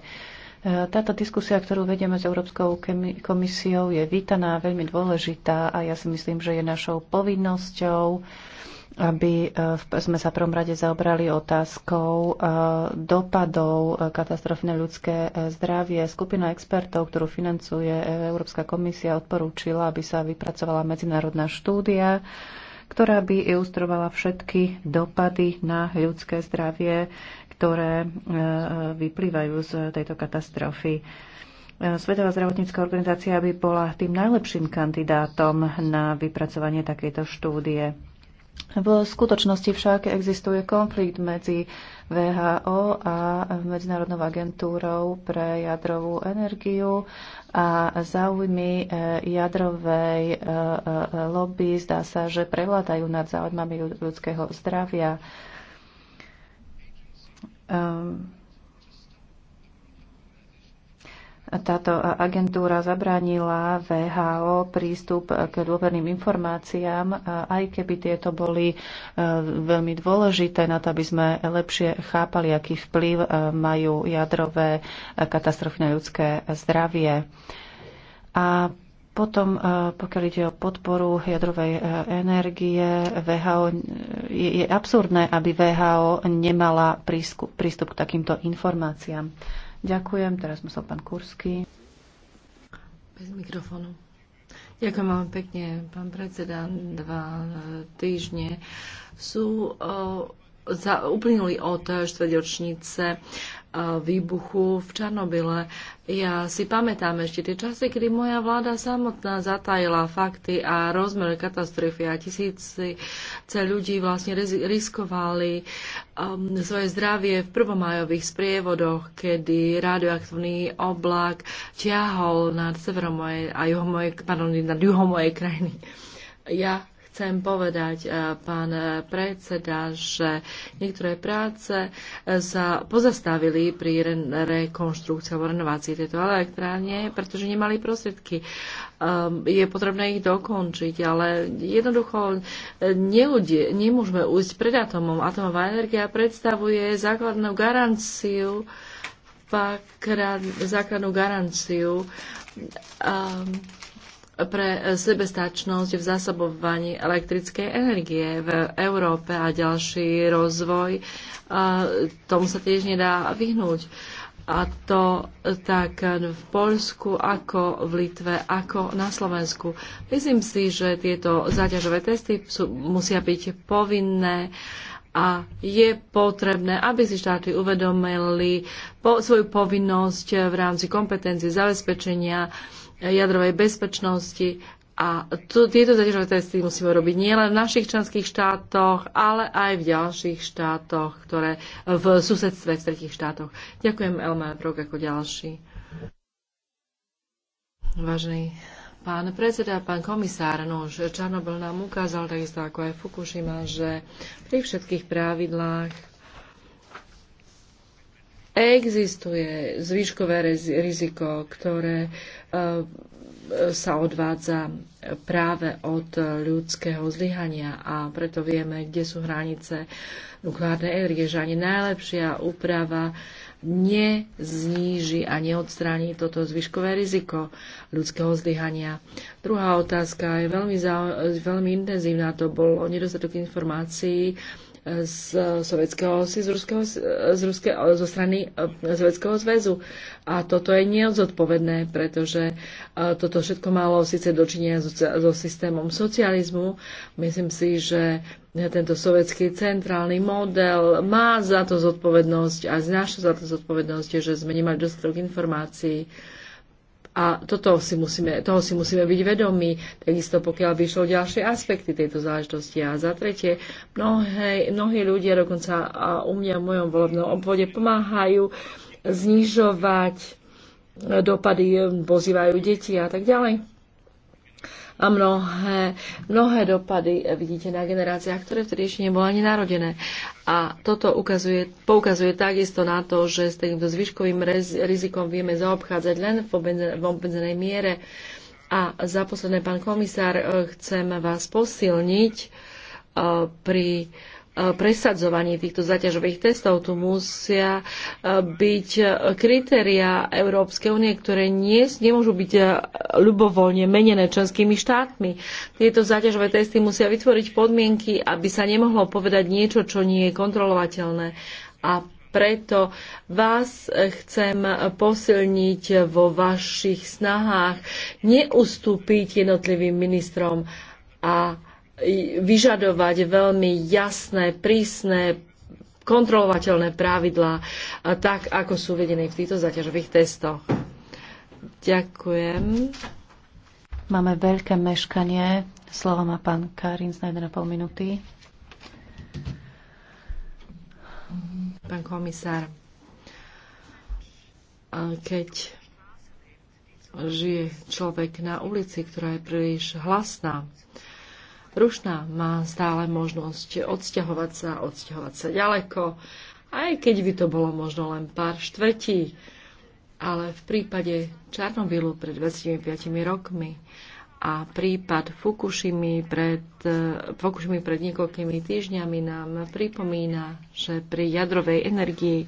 táto diskusia, ktorú vedieme s Európskou komisiou, je vítaná, veľmi dôležitá a ja si myslím, že je našou povinnosťou aby e, sme sa prvom rade zaobrali otázkou e, dopadov e, katastrofy na ľudské zdravie. Skupina expertov, ktorú financuje Európska komisia, odporúčila, aby sa vypracovala medzinárodná štúdia, ktorá by ilustrovala všetky dopady na ľudské zdravie, ktoré vyplývajú z tejto katastrofy. Svetová zdravotnícká organizácia by bola tým najlepším kandidátom na vypracovanie takejto štúdie. V skutočnosti však existuje konflikt medzi VHO a Medzinárodnou agentúrou pre jadrovú energiu a záujmy e, jadrovej e, e, lobby zdá sa, že prevládajú nad záujmami ľudského zdravia. Um, Táto agentúra zabránila VHO prístup k dôverným informáciám, aj keby tieto boli e, veľmi dôležité na to, aby sme lepšie chápali, aký vplyv e, majú jadrové e, katastrofy na ľudské zdravie. A potom, pokiaľ ide o podporu jadrovej energie, VHO, je, je absurdné, aby VHO nemala prístup, prístup k takýmto informáciám. Ďakujem. Teraz musel pán Kursky. Bez mikrofónu. Ďakujem vám pekne, pán predseda. Dva e, týždne sú uh, za, uplynuli od štvrťročnice výbuchu v Černobyle. Ja si pamätám ešte tie časy, kedy moja vláda samotná zatajila fakty a rozmer katastrofy a tisíce ľudí vlastne riskovali um, svoje zdravie v prvomajových sprievodoch, kedy radioaktívny oblak ťahol nad severom mojej, a juho mojej, pardon, nad juhom mojej krajiny. Ja Chcem povedať, eh, pán eh, predseda, že niektoré práce eh, sa pozastavili pri rekonštrukcii alebo renovácii tejto elektrárne, pretože nemali prostriedky. Ehm, je potrebné ich dokončiť, ale jednoducho neudie, nemôžeme ujsť pred atomom. Atomová energia predstavuje základnú garanciu základnú garanciu ehm, pre sebestačnosť v zásobovaní elektrickej energie v Európe a ďalší rozvoj. Tomu sa tiež nedá vyhnúť. A to tak v Poľsku, ako v Litve, ako na Slovensku. Myslím si, že tieto záťažové testy sú, musia byť povinné a je potrebné, aby si štáty uvedomili po, svoju povinnosť v rámci kompetencie zabezpečenia uh, jadrovej bezpečnosti a tu, tieto zaťažové testy musíme robiť nielen v našich členských štátoch, ale aj v ďalších štátoch, ktoré v susedstve v tretich štátoch. Ďakujem Elma Brok ako ďalší. Vážený pán predseda, pán komisár, nož Čarnobyl nám ukázal, takisto ako aj Fukushima, že pri všetkých pravidlách existuje zvyškové riziko, ktoré E, sa odvádza práve od ľudského zlyhania a preto vieme, kde sú hranice nukleárnej energie, že ani najlepšia úprava nezníži a neodstráni toto zvyškové riziko ľudského zlyhania. Druhá otázka je veľmi, zau- veľmi intenzívna, to bol nedostatok informácií z sovietského, z ruského, z ruského, zo strany e, Sovietskeho zväzu. A toto je neodzodpovedné, pretože e, toto všetko malo síce dočinenia so, so systémom socializmu. Myslím si, že tento sovietský centrálny model má za to zodpovednosť a znáša za to zodpovednosť, že sme nemali dostatok informácií a toto si musíme, toho si musíme byť vedomí, takisto pokiaľ by išlo ďalšie aspekty tejto záležitosti. A za tretie, mnohé, mnohí ľudia, dokonca u mňa v mojom volebnom obvode, pomáhajú znižovať dopady, pozývajú deti a tak ďalej a mnohé, mnohé dopady e, vidíte na generáciách, ktoré vtedy ešte nebolo ani narodené. A toto ukazuje, poukazuje takisto na to, že s týmto zvyškovým rizikom vieme zaobchádzať len v obmedzenej miere. A za posledné, pán komisár, e, chcem vás posilniť e, pri Presadzovanie týchto zaťažových testov. Tu musia e, byť kritéria Európskej únie, ktoré nie, nemôžu byť e, ľubovoľne menené členskými štátmi. Tieto zaťažové testy musia vytvoriť podmienky, aby sa nemohlo povedať niečo, čo nie je kontrolovateľné. A preto vás chcem posilniť vo vašich snahách neustúpiť jednotlivým ministrom a vyžadovať veľmi jasné, prísne, kontrolovateľné pravidlá, tak ako sú vedené v týchto zaťažových testoch. Ďakujem. Máme veľké meškanie. Slovo má pán Karin z 1,5 minúty. Pán komisár, keď žije človek na ulici, ktorá je príliš hlasná, Rušná má stále možnosť odsťahovať sa, odsťahovať sa ďaleko, aj keď by to bolo možno len pár štvrtí. Ale v prípade Čarnobylu pred 25 rokmi a prípad Fukushimi pred, Fukushimi pred niekoľkými týždňami nám pripomína, že pri jadrovej energii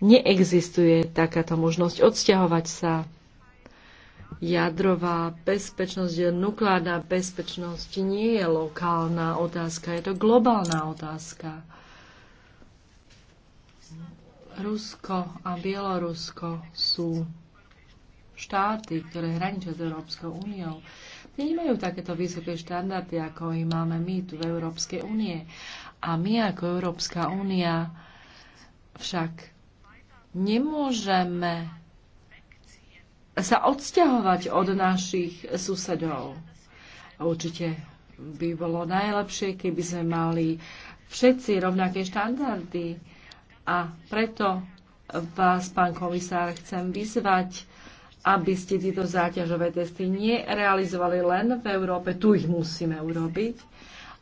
neexistuje takáto možnosť odsťahovať sa, jadrová bezpečnosť, nukleárna bezpečnosť nie je lokálna otázka, je to globálna otázka. Rusko a Bielorusko sú štáty, ktoré hraničia s Európskou úniou. nemajú takéto vysoké štandardy, ako ich máme my tu v Európskej únie. A my ako Európska únia však nemôžeme sa odsťahovať od našich susedov. Určite by bolo najlepšie, keby sme mali všetci rovnaké štandardy. A preto vás, pán komisár, chcem vyzvať, aby ste tieto záťažové testy nerealizovali len v Európe, tu ich musíme urobiť,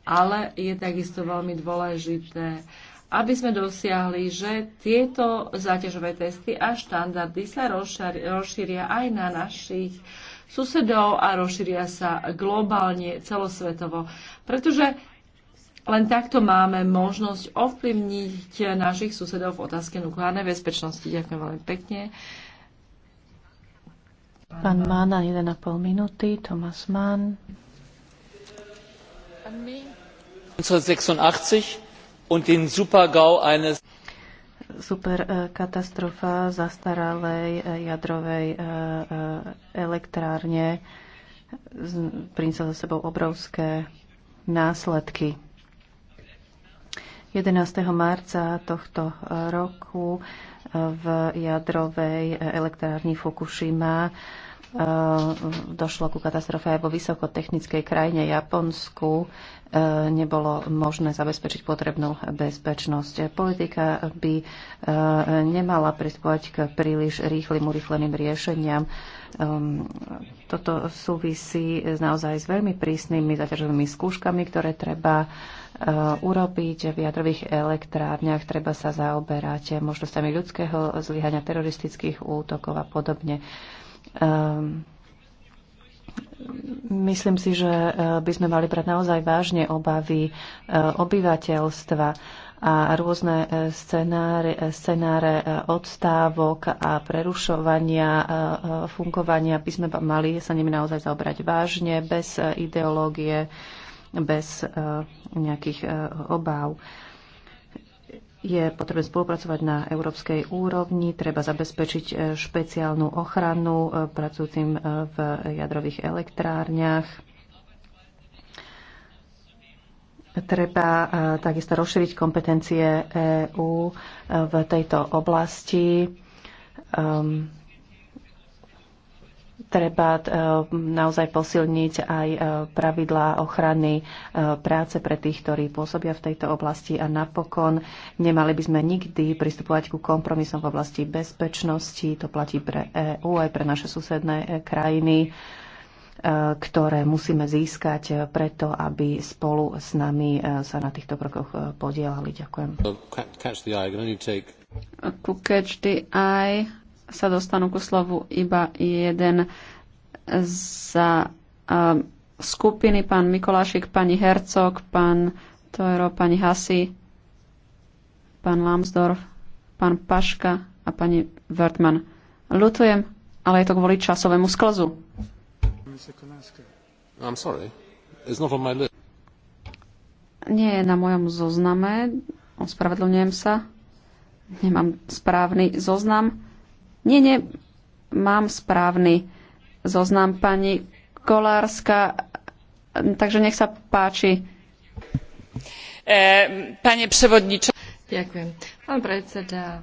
ale je takisto veľmi dôležité aby sme dosiahli, že tieto záťažové testy a štandardy sa rozšíria aj na našich susedov a rozšíria sa globálne, celosvetovo. Pretože len takto máme možnosť ovplyvniť našich susedov v otázke nukleárnej bezpečnosti. Ďakujem veľmi pekne. Pán Mána, 1,5 minúty. Tomas Mann. 1986 und den Supergau eines superkatastrofa e, zastaralej e, jadrovej e, elektrárne priniesla za sebou obrovské následky. 11. marca tohto roku v jadrovej elektrárni Fukushima Eh, došlo ku katastrofe aj vo vysokotechnickej krajine Japonsku. Eh, nebolo možné zabezpečiť potrebnú bezpečnosť. Politika by eh, nemala prispovať k príliš rýchlym, urychleným riešeniam. Ehm, toto súvisí naozaj s veľmi prísnymi zaťažovými skúškami, ktoré treba urobiť v jadrových elektrárniach, treba sa zaoberať možnosťami ľudského zlyhania, teroristických útokov a podobne. Um, Myslím si, že eh, by sme mali brať naozaj vážne obavy eh, obyvateľstva a rôzne eh, scenáre, scenáre odstávok a prerušovania fungovania by sme mali sa nimi naozaj zaobrať vážne, bez ideológie, bez nejakých obáv je potrebné spolupracovať na európskej úrovni, treba zabezpečiť e, špeciálnu ochranu e, pracujúcim e, v jadrových elektrárniach. Treba takisto rozšíriť kompetencie EÚ v tejto oblasti. Ehm, Treba eh, naozaj posilniť aj eh, pravidlá ochrany eh, práce pre tých, ktorí pôsobia v tejto oblasti a napokon nemali by sme nikdy pristupovať ku kompromisom v oblasti bezpečnosti. To platí pre EÚ aj pre naše susedné krajiny ktoré musíme získať preto, aby spolu s nami sa na týchto krokoch podielali. Ďakujem. catch the eye sa dostanú ku slovu iba jeden za um, skupiny, pán Mikolášik, pani Hercog, pán Tojro, pani Hasi, pán Lambsdorff, pán Paška a pani Wertmann. Ľutujem, ale je to kvôli časovému sklzu. I'm sorry. It's not on my list. Nie je na mojom zozname. Ospravedlňujem sa. Nemám správny zoznam. Nie, nie, mám správny zoznam pani Kolárska, takže nech sa páči. E, pane převodničo. Ďakujem. Pán predseda,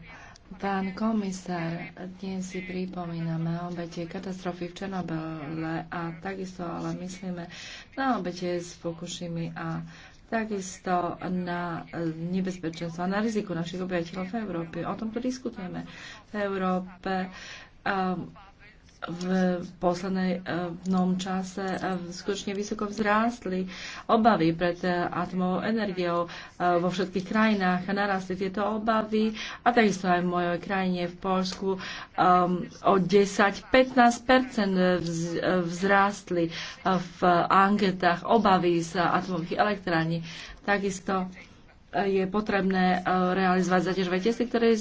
Pán komisár, dnes si pripomíname obete katastrofy v Černobyle a takisto ale myslíme na obete s Fukushimy a takisto na e, nebezpečenstvo a na riziku našich obyvateľov v Európe. O tomto diskutujeme v Európe. Um, v dnom eh, čase eh, skutočne vysoko vzrástli obavy pred eh, atomovou energiou vo všetkých krajinách a narastli tieto obavy a takisto aj v mojej krajine v Polsku o 10-15% vzrástli v anketách obavy z atomových elektrární. Takisto je potrebné realizovať zaťažové testy, ktoré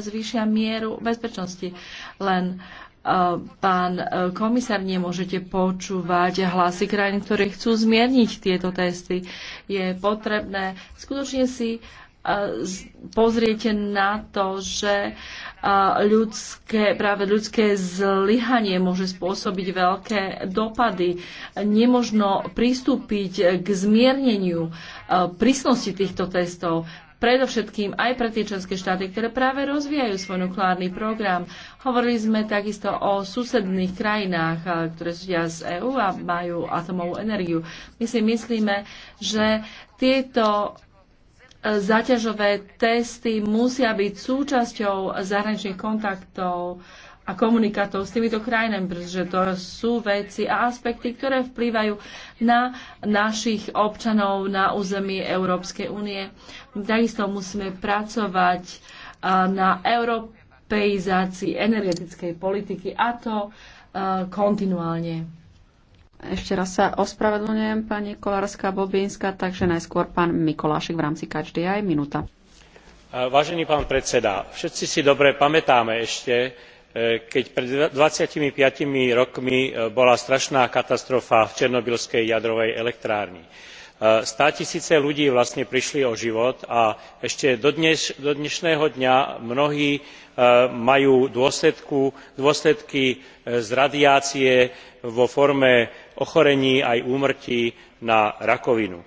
zvýšia mieru bezpečnosti. Len uh, Eh, pán eh, komisár, nemôžete počúvať hlasy krajín, ktoré chcú zmierniť tieto testy. Je potrebné skutočne si eh, pozriete na to, že ľudské, práve ľudské zlyhanie môže spôsobiť veľké dopady. Nemožno pristúpiť k zmierneniu prísnosti týchto testov predovšetkým aj pre tie členské štáty, ktoré práve rozvíjajú svoj nukleárny program. Hovorili sme takisto o susedných krajinách, eh, ktoré sú z EÚ a majú atomovú energiu. My si myslíme, že tieto eh, záťažové testy musia byť súčasťou zahraničných kontaktov a komunikátov s týmito krajinami, pretože to sú veci a aspekty, ktoré vplývajú na našich občanov na území Európskej únie. Takisto musíme pracovať na europeizácii energetickej politiky a to kontinuálne. Ešte raz sa ospravedlňujem, pani Kolárska Bobínska, takže najskôr pán Mikolášek v rámci aj minúta. Vážený pán predseda, všetci si dobre pamätáme ešte, Eh, keď pred twenty five rokmi eh, bola strašná katastrofa v černobylskej jadrovej elektrárni. Eh, státisíce ľudí vlastne prišli o život a ešte do dnešného dňa mnohí majú dôsledky z radiácie vo forme ochorení aj úmrtí na rakovinu.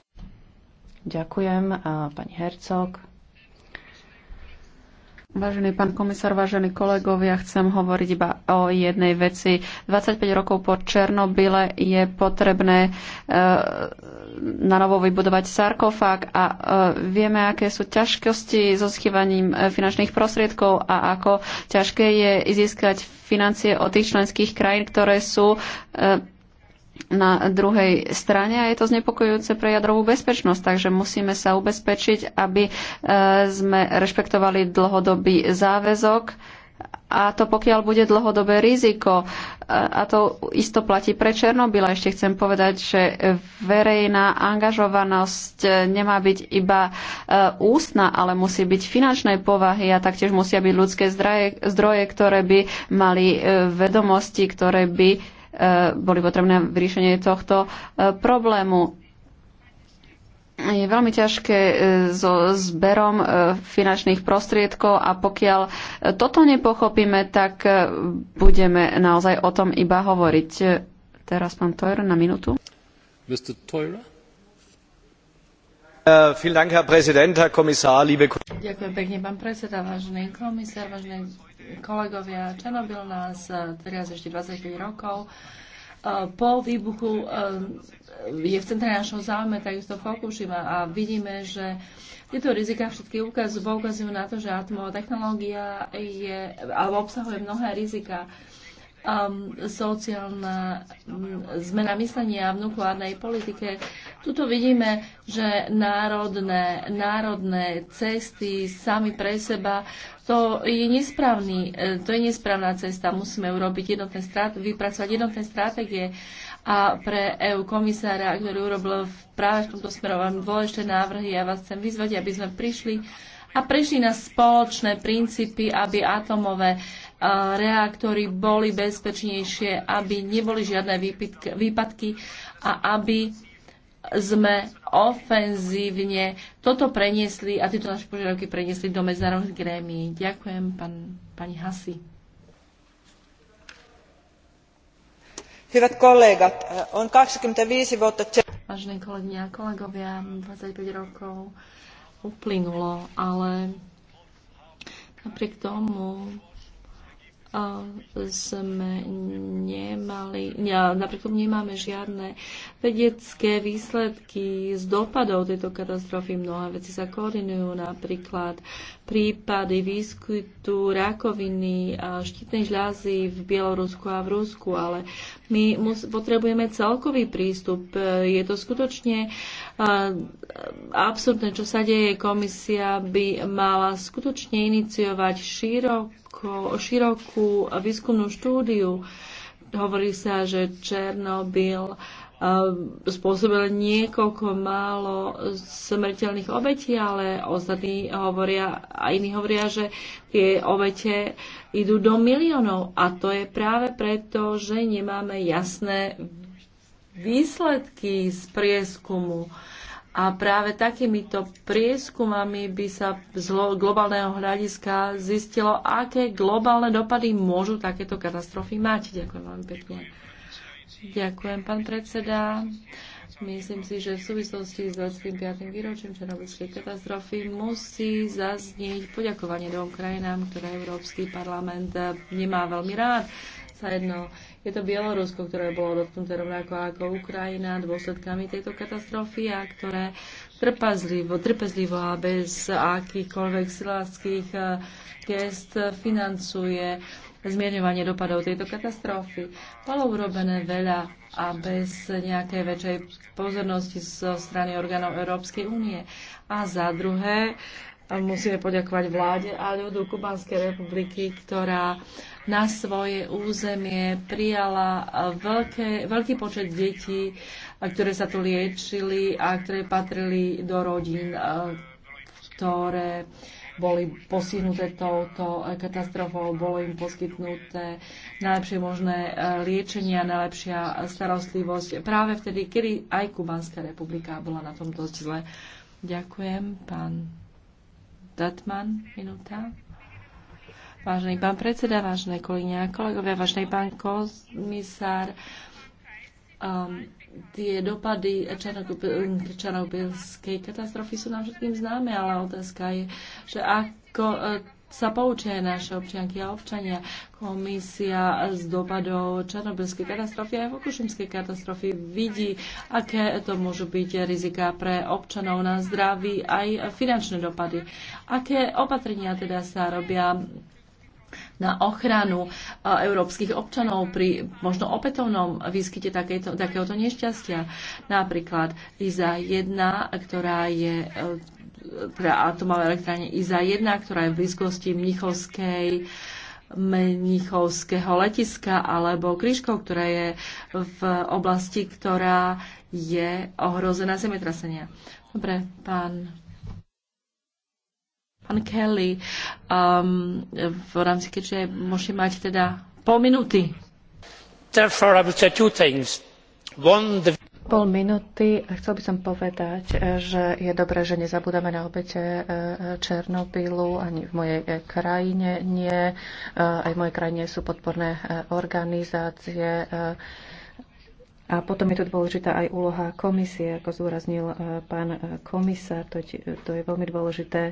Ďakujem, pani Hercog. Vážený pán komisár, vážení kolegovia, chcem hovoriť iba o jednej veci. 25 rokov po Černobyle je potrebné e, na novo vybudovať sarkofág a e, vieme, aké sú ťažkosti so schývaním e, finančných prostriedkov a ako ťažké je získať financie od tých členských krajín, ktoré sú na druhej strane a je to znepokojujúce pre jadrovú bezpečnosť, takže musíme sa ubezpečiť, aby e, sme rešpektovali dlhodobý záväzok a to pokiaľ bude dlhodobé riziko. E, a to isto platí pre Černobyla. Ešte chcem povedať, že verejná angažovanosť e, nemá byť iba ústna, ale musí byť finančnej povahy a taktiež musia byť ľudské zdroje, zdroje ktoré by mali vedomosti, ktoré by Eh, boli potrebné vyriešenie tohto eh, problému. Je veľmi ťažké eh, so zberom finančných prostriedkov a pokiaľ toto nepochopíme, tak budeme naozaj o tom iba hovoriť. Teraz pán Teurer na minútu. Mr. Ďakujem pekne, pán predseda, vážený komisár, vážené kolegovia, Černobyl nás e, teraz ešte 25 rokov e, po výbuchu e, je v centre našho záujme takisto Fukushima a vidíme, že tieto rizika všetky ukazujú na to, že atmo technológia je, alebo obsahuje mnohé rizika um, sociálna um, zmena myslenia v nukleárnej politike. Tuto vidíme, že národné, národné cesty sami pre seba, to je, nesprávny, e, to je nesprávna cesta. Musíme urobiť jednotné strat- vypracovať jednotné stratégie a pre EU komisára, ktorý urobil v práve v tomto smeru vám dôležité návrhy. Ja vás chcem vyzvať, aby sme prišli a prešli na spoločné princípy, aby atomové reaktory boli bezpečnejšie, aby neboli žiadne výpadky a aby sme ofenzívne toto preniesli a tieto naše požiadavky preniesli do medzinárodných grémií. Ďakujem, pán, pani Hasi. Hyvät kollegat, on 25 vuotta... Vážené kolegyne a kolegovia, 25 rokov uplynulo, ale napriek tomu sme nemali, ne, napríklad nemáme žiadne vedecké výsledky z dopadov tejto katastrofy. Mnohé veci sa koordinujú, napríklad prípady výskytu rakoviny a štítnej žľazy v Bielorusku a v Rusku, ale my potrebujeme celkový prístup. Je to skutočne absurdné, čo sa deje. Komisia by mala skutočne iniciovať široko, širokú výskumnú štúdiu. Hovorí sa, že Černobyl uh, Ehm, spôsobil niekoľko málo smrteľných obetí, ale ostatní hovoria a iní hovoria, že tie obete idú do miliónov a to je práve preto, že nemáme jasné výsledky z prieskumu. A práve takýmito prieskumami by sa z globálneho hľadiska zistilo, aké globálne dopady môžu takéto katastrofy mať. Ďakujem veľmi pekne. Ďakujem, pán predseda. Myslím si, že v súvislosti s 25. výročím Černobylskej katastrofy musí zaznieť poďakovanie dvom krajinám, ktoré Európsky parlament nemá veľmi rád. Za jedno je to Bielorusko, ktoré bolo dotknuté rovnako ako Ukrajina dôsledkami tejto katastrofy a ktoré trpazlivo, trpezlivo a bez akýchkoľvek siláckých eh, gest financuje zmierňovanie dopadov tejto katastrofy. Bolo urobené veľa a bez nejakej väčšej pozornosti zo strany orgánov Európskej únie. A za druhé, musíme poďakovať vláde a ľudu Kubanskej republiky, ktorá na svoje územie prijala veľké, veľký počet detí, ktoré sa tu liečili a ktoré patrili do rodín, ktoré boli postihnuté touto eh, katastrofou, bolo im poskytnuté najlepšie možné eh, liečenie a najlepšia starostlivosť práve vtedy, kedy aj Kubanská republika bola na tom dosť zle. Ďakujem, pán Datman, minúta. Vážený pán predseda, vážené kolegyne a kolegovia, vážený pán komisár, um, tie dopady černobylskej katastrofy sú nám všetkým známe, ale otázka je, že ako e, sa poučia naše občianky a občania. Komisia z dopadov Černobylskej katastrofy aj Fukushimskej katastrofy vidí, aké to môžu byť rizika pre občanov na zdraví aj finančné dopady. Aké opatrenia teda sa robia na ochranu e, európskych občanov pri možno opätovnom výskyte takéto, takéhoto nešťastia. Napríklad IZA 1, ktorá je pre atomové teda, elektrárne IZA 1, ktorá je v blízkosti Mnichovskej Mnichovského letiska alebo Kryškov, ktorá je v oblasti, ktorá je ohrozená zemetrasenia. Dobre, pán Pán Kelly, um, v rámci keďže môžete mať teda pol minúty. pol minúty. Chcel by som povedať, že je dobré, že nezabúdame na obete e, Černobylu ani v mojej e, krajine nie. E, aj v mojej krajine sú podporné organizácie. A potom je tu dôležitá aj úloha komisie, ako zúraznil pán komisár. to je veľmi dôležité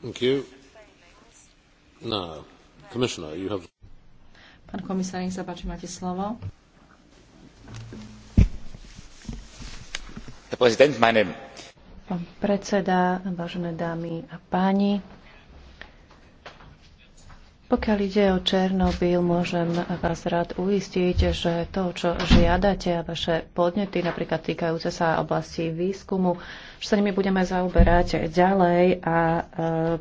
No. Have... Pán komisár, nech sa páči, máte slovo. Pán predseda, vážené dámy a páni, pokiaľ ide o Černobyl, môžem vás rád uistiť, že to, čo žiadate a vaše podnety, napríklad týkajúce sa oblasti výskumu, že sa nimi budeme zaoberať ďalej a e,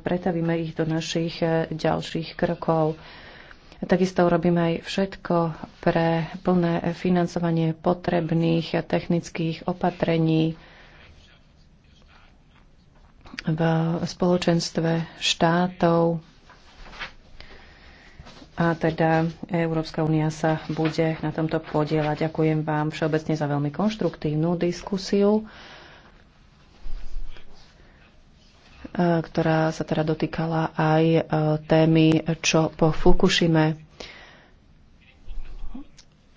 pretavíme ich do našich e, ďalších krokov. Takisto urobíme aj všetko pre plné financovanie potrebných technických opatrení v spoločenstve štátov a teda Európska únia sa bude na tomto podielať. Ďakujem vám všeobecne za veľmi konštruktívnu diskusiu, e, ktorá sa teda dotýkala aj e, témy, čo po Fukushime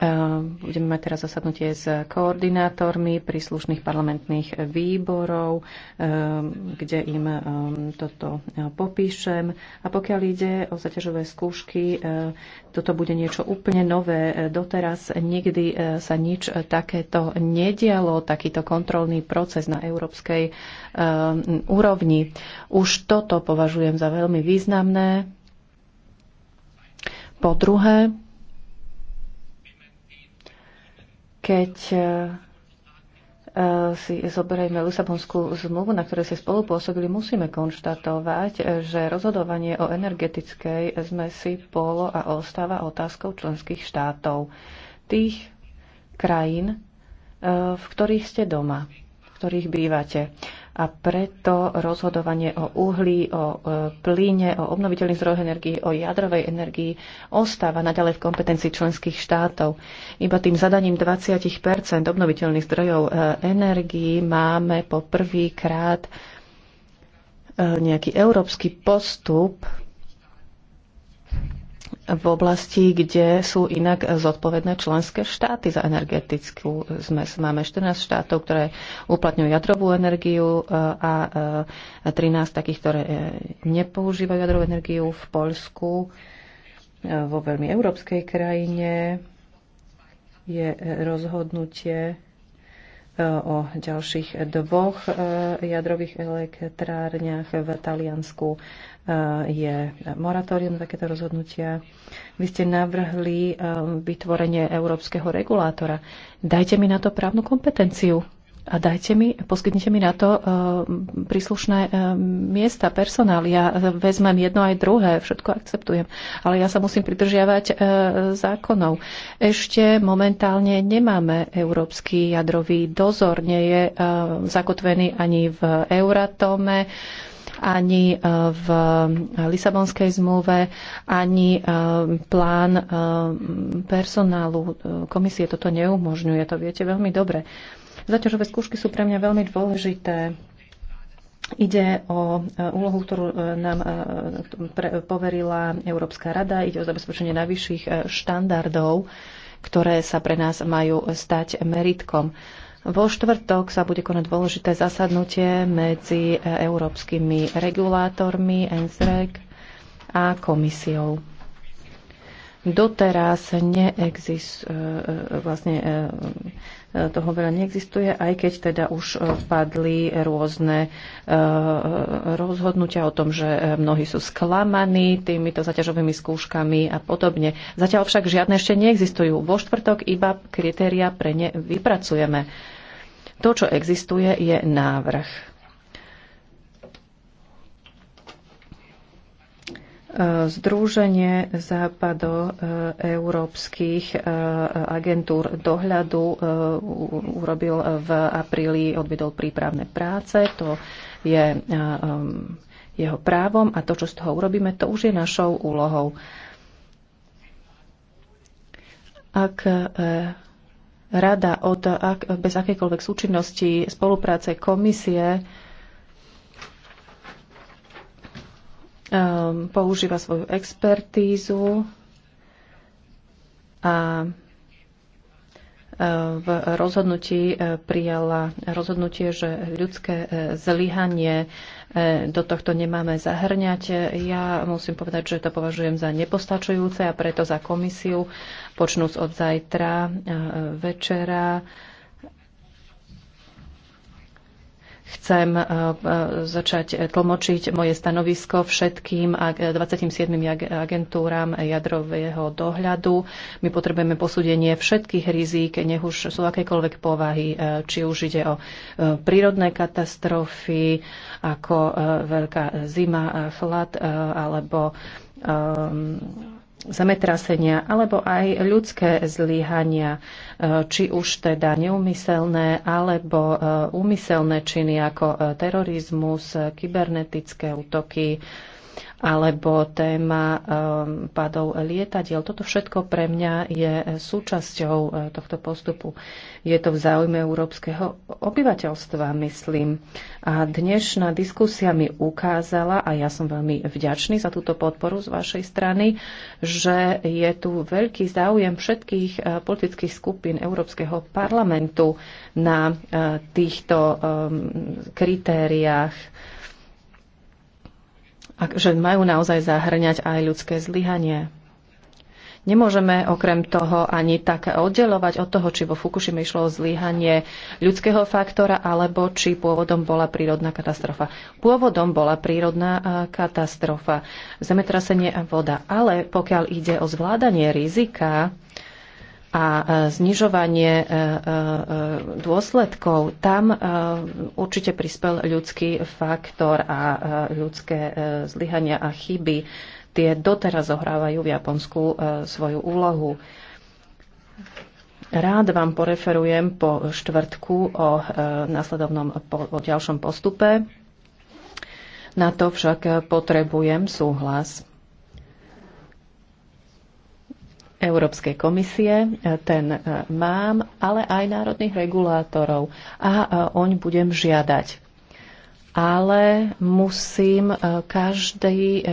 Ehm, budeme mať teraz zasadnutie s koordinátormi príslušných parlamentných výborov, ehm, kde im ehm, toto e, popíšem. A pokiaľ ide o zaťažové skúšky, e, toto bude niečo úplne nové. E, doteraz nikdy sa nič takéto nedialo, takýto kontrolný proces na európskej úrovni. Už toto považujem za veľmi významné. Po druhé, Keď e, e, si zoberieme Lisabonskú zmluvu, na ktorej si spolupôsobili, musíme konštatovať, e, že rozhodovanie o energetickej zmesi bolo a ostáva otázkou členských štátov. Tých krajín, v ktorých ste doma, v ktorých bývate a preto rozhodovanie o uhli, o e, plyne, o obnoviteľných zdrojoch energii, o jadrovej energii ostáva naďalej v kompetencii členských štátov. Iba tým zadaním 20 obnoviteľných zdrojov e, energii máme po prvýkrát e, nejaký európsky postup v oblasti, kde sú inak zodpovedné členské štáty za energetickú zmes. Máme 14 štátov, ktoré uplatňujú jadrovú energiu e, a 13 e, takých, ktoré e, nepoužívajú jadrovú energiu v Poľsku, vo veľmi európskej krajine je rozhodnutie E, o ďalších dvoch e, jadrových elektrárniach v Taliansku e, je moratórium takéto rozhodnutia. Vy ste navrhli vytvorenie európskeho regulátora. Dajte mi na to právnu kompetenciu a dajte mi, poskytnite mi na to e, príslušné e, miesta, personál. Ja vezmem jedno aj druhé, všetko akceptujem. Ale ja sa musím pridržiavať e, zákonov. Ešte momentálne nemáme európsky jadrový dozor. Nie je zakotvený ani v Euratome ani v Lisabonskej zmluve, ani plán personálu komisie toto neumožňuje. To viete veľmi dobre. Zaťažové skúšky sú pre mňa veľmi dôležité. Ide o e, úlohu, ktorú e, nám e, poverila Európska rada, ide o zabezpečenie najvyšších štandardov, ktoré sa pre nás majú stať meritkom. Vo štvrtok sa bude konať dôležité zasadnutie medzi európskymi regulátormi NSREG a komisiou. Doteraz neexistujú vlastne toho veľa neexistuje, aj keď teda už e, padli rôzne e, rozhodnutia o tom, že e, mnohí sú sklamaní týmito zaťažovými skúškami a podobne. Zatiaľ však žiadne ešte neexistujú. Vo štvrtok iba kritéria pre ne vypracujeme. To, čo existuje, je návrh Združenie západoeurópskych e, agentúr dohľadu e, urobil v apríli, odvedol prípravné práce. To je e, jeho právom a to, čo z toho urobíme, to už je našou úlohou. Ak rada od, ak, bez akékoľvek súčinnosti spolupráce komisie Ehm, používa svoju expertízu a e, v rozhodnutí e, prijala rozhodnutie, že ľudské e, zlyhanie do tohto nemáme zahrňať. Ja musím povedať, že to považujem za nepostačujúce a preto za komisiu počnúc od zajtra večera Chcem eh, eh, začať eh, tlmočiť moje stanovisko všetkým 27 agentúram jadrového dohľadu. My potrebujeme posúdenie všetkých rizík, nech už sú akékoľvek povahy, či už ide o prírodné katastrofy, ako veľká zima, chlad, alebo zemetrasenia alebo aj ľudské zlyhania, e, či už teda neumyselné alebo e, úmyselné činy ako e, terorizmus, kybernetické útoky, alebo téma ehm, padov lietadiel. Toto všetko pre mňa je súčasťou e, tohto postupu. Je to v záujme európskeho obyvateľstva, myslím. A dnešná diskusia mi ukázala, a ja som veľmi vďačný za túto podporu z vašej strany, že je tu veľký záujem všetkých e, politických skupín Európskeho parlamentu na e, týchto ehm, kritériách že majú naozaj zahrňať aj ľudské zlyhanie. Nemôžeme okrem toho ani tak oddelovať od toho, či vo Fukushime išlo o zlyhanie ľudského faktora, alebo či pôvodom bola prírodná katastrofa. Pôvodom bola prírodná katastrofa, zemetrasenie a voda. Ale pokiaľ ide o zvládanie rizika, a e, znižovanie e, e, dôsledkov, tam určite prispel ľudský faktor a ľudské zlyhania a chyby. Tie doteraz zohrávajú v Japonsku svoju úlohu. Rád vám poreferujem po štvrtku o následovnom o ďalšom postupe. Na to však potrebujem súhlas Európskej komisie, ten e, mám, ale aj národných regulátorov a e, oň budem žiadať. Ale musím e, každý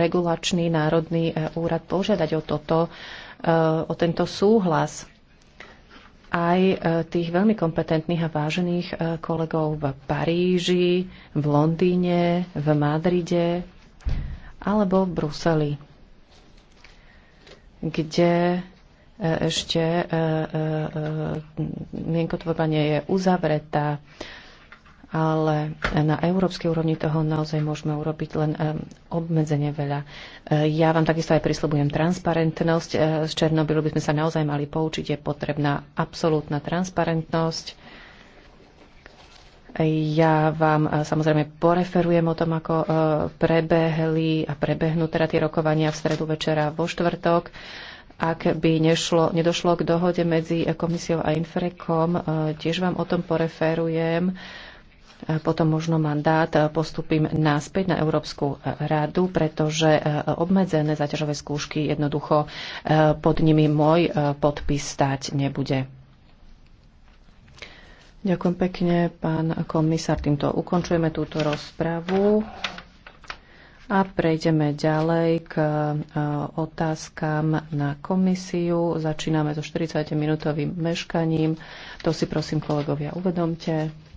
regulačný národný úrad požiadať o, toto, o tento súhlas aj tých veľmi kompetentných a vážených kolegov v Paríži, v Londýne, v Madride alebo v Bruseli kde e, ešte e, e, mienkotvorba nie je uzavretá, ale na európskej úrovni toho naozaj môžeme urobiť len obmedzenie veľa. Ja vám takisto aj prislúbujem transparentnosť. Z Černobylu by sme sa naozaj mali poučiť. Je potrebná absolútna transparentnosť ja vám eh, samozrejme poreferujem o tom, ako eh, prebehli a prebehnú teda tie rokovania v stredu večera vo štvrtok. Ak by nešlo, nedošlo k dohode medzi komisiou a Infrekom, eh, tiež vám o tom poreferujem. Potom možno mandát postupím naspäť na Európsku radu, pretože obmedzené zaťažové skúšky jednoducho pod nimi môj podpis stať nebude. Ďakujem pekne, pán komisár. Týmto ukončujeme túto rozpravu a prejdeme ďalej k e, otázkam na komisiu. Začíname so 40-minútovým meškaním. To si prosím kolegovia uvedomte.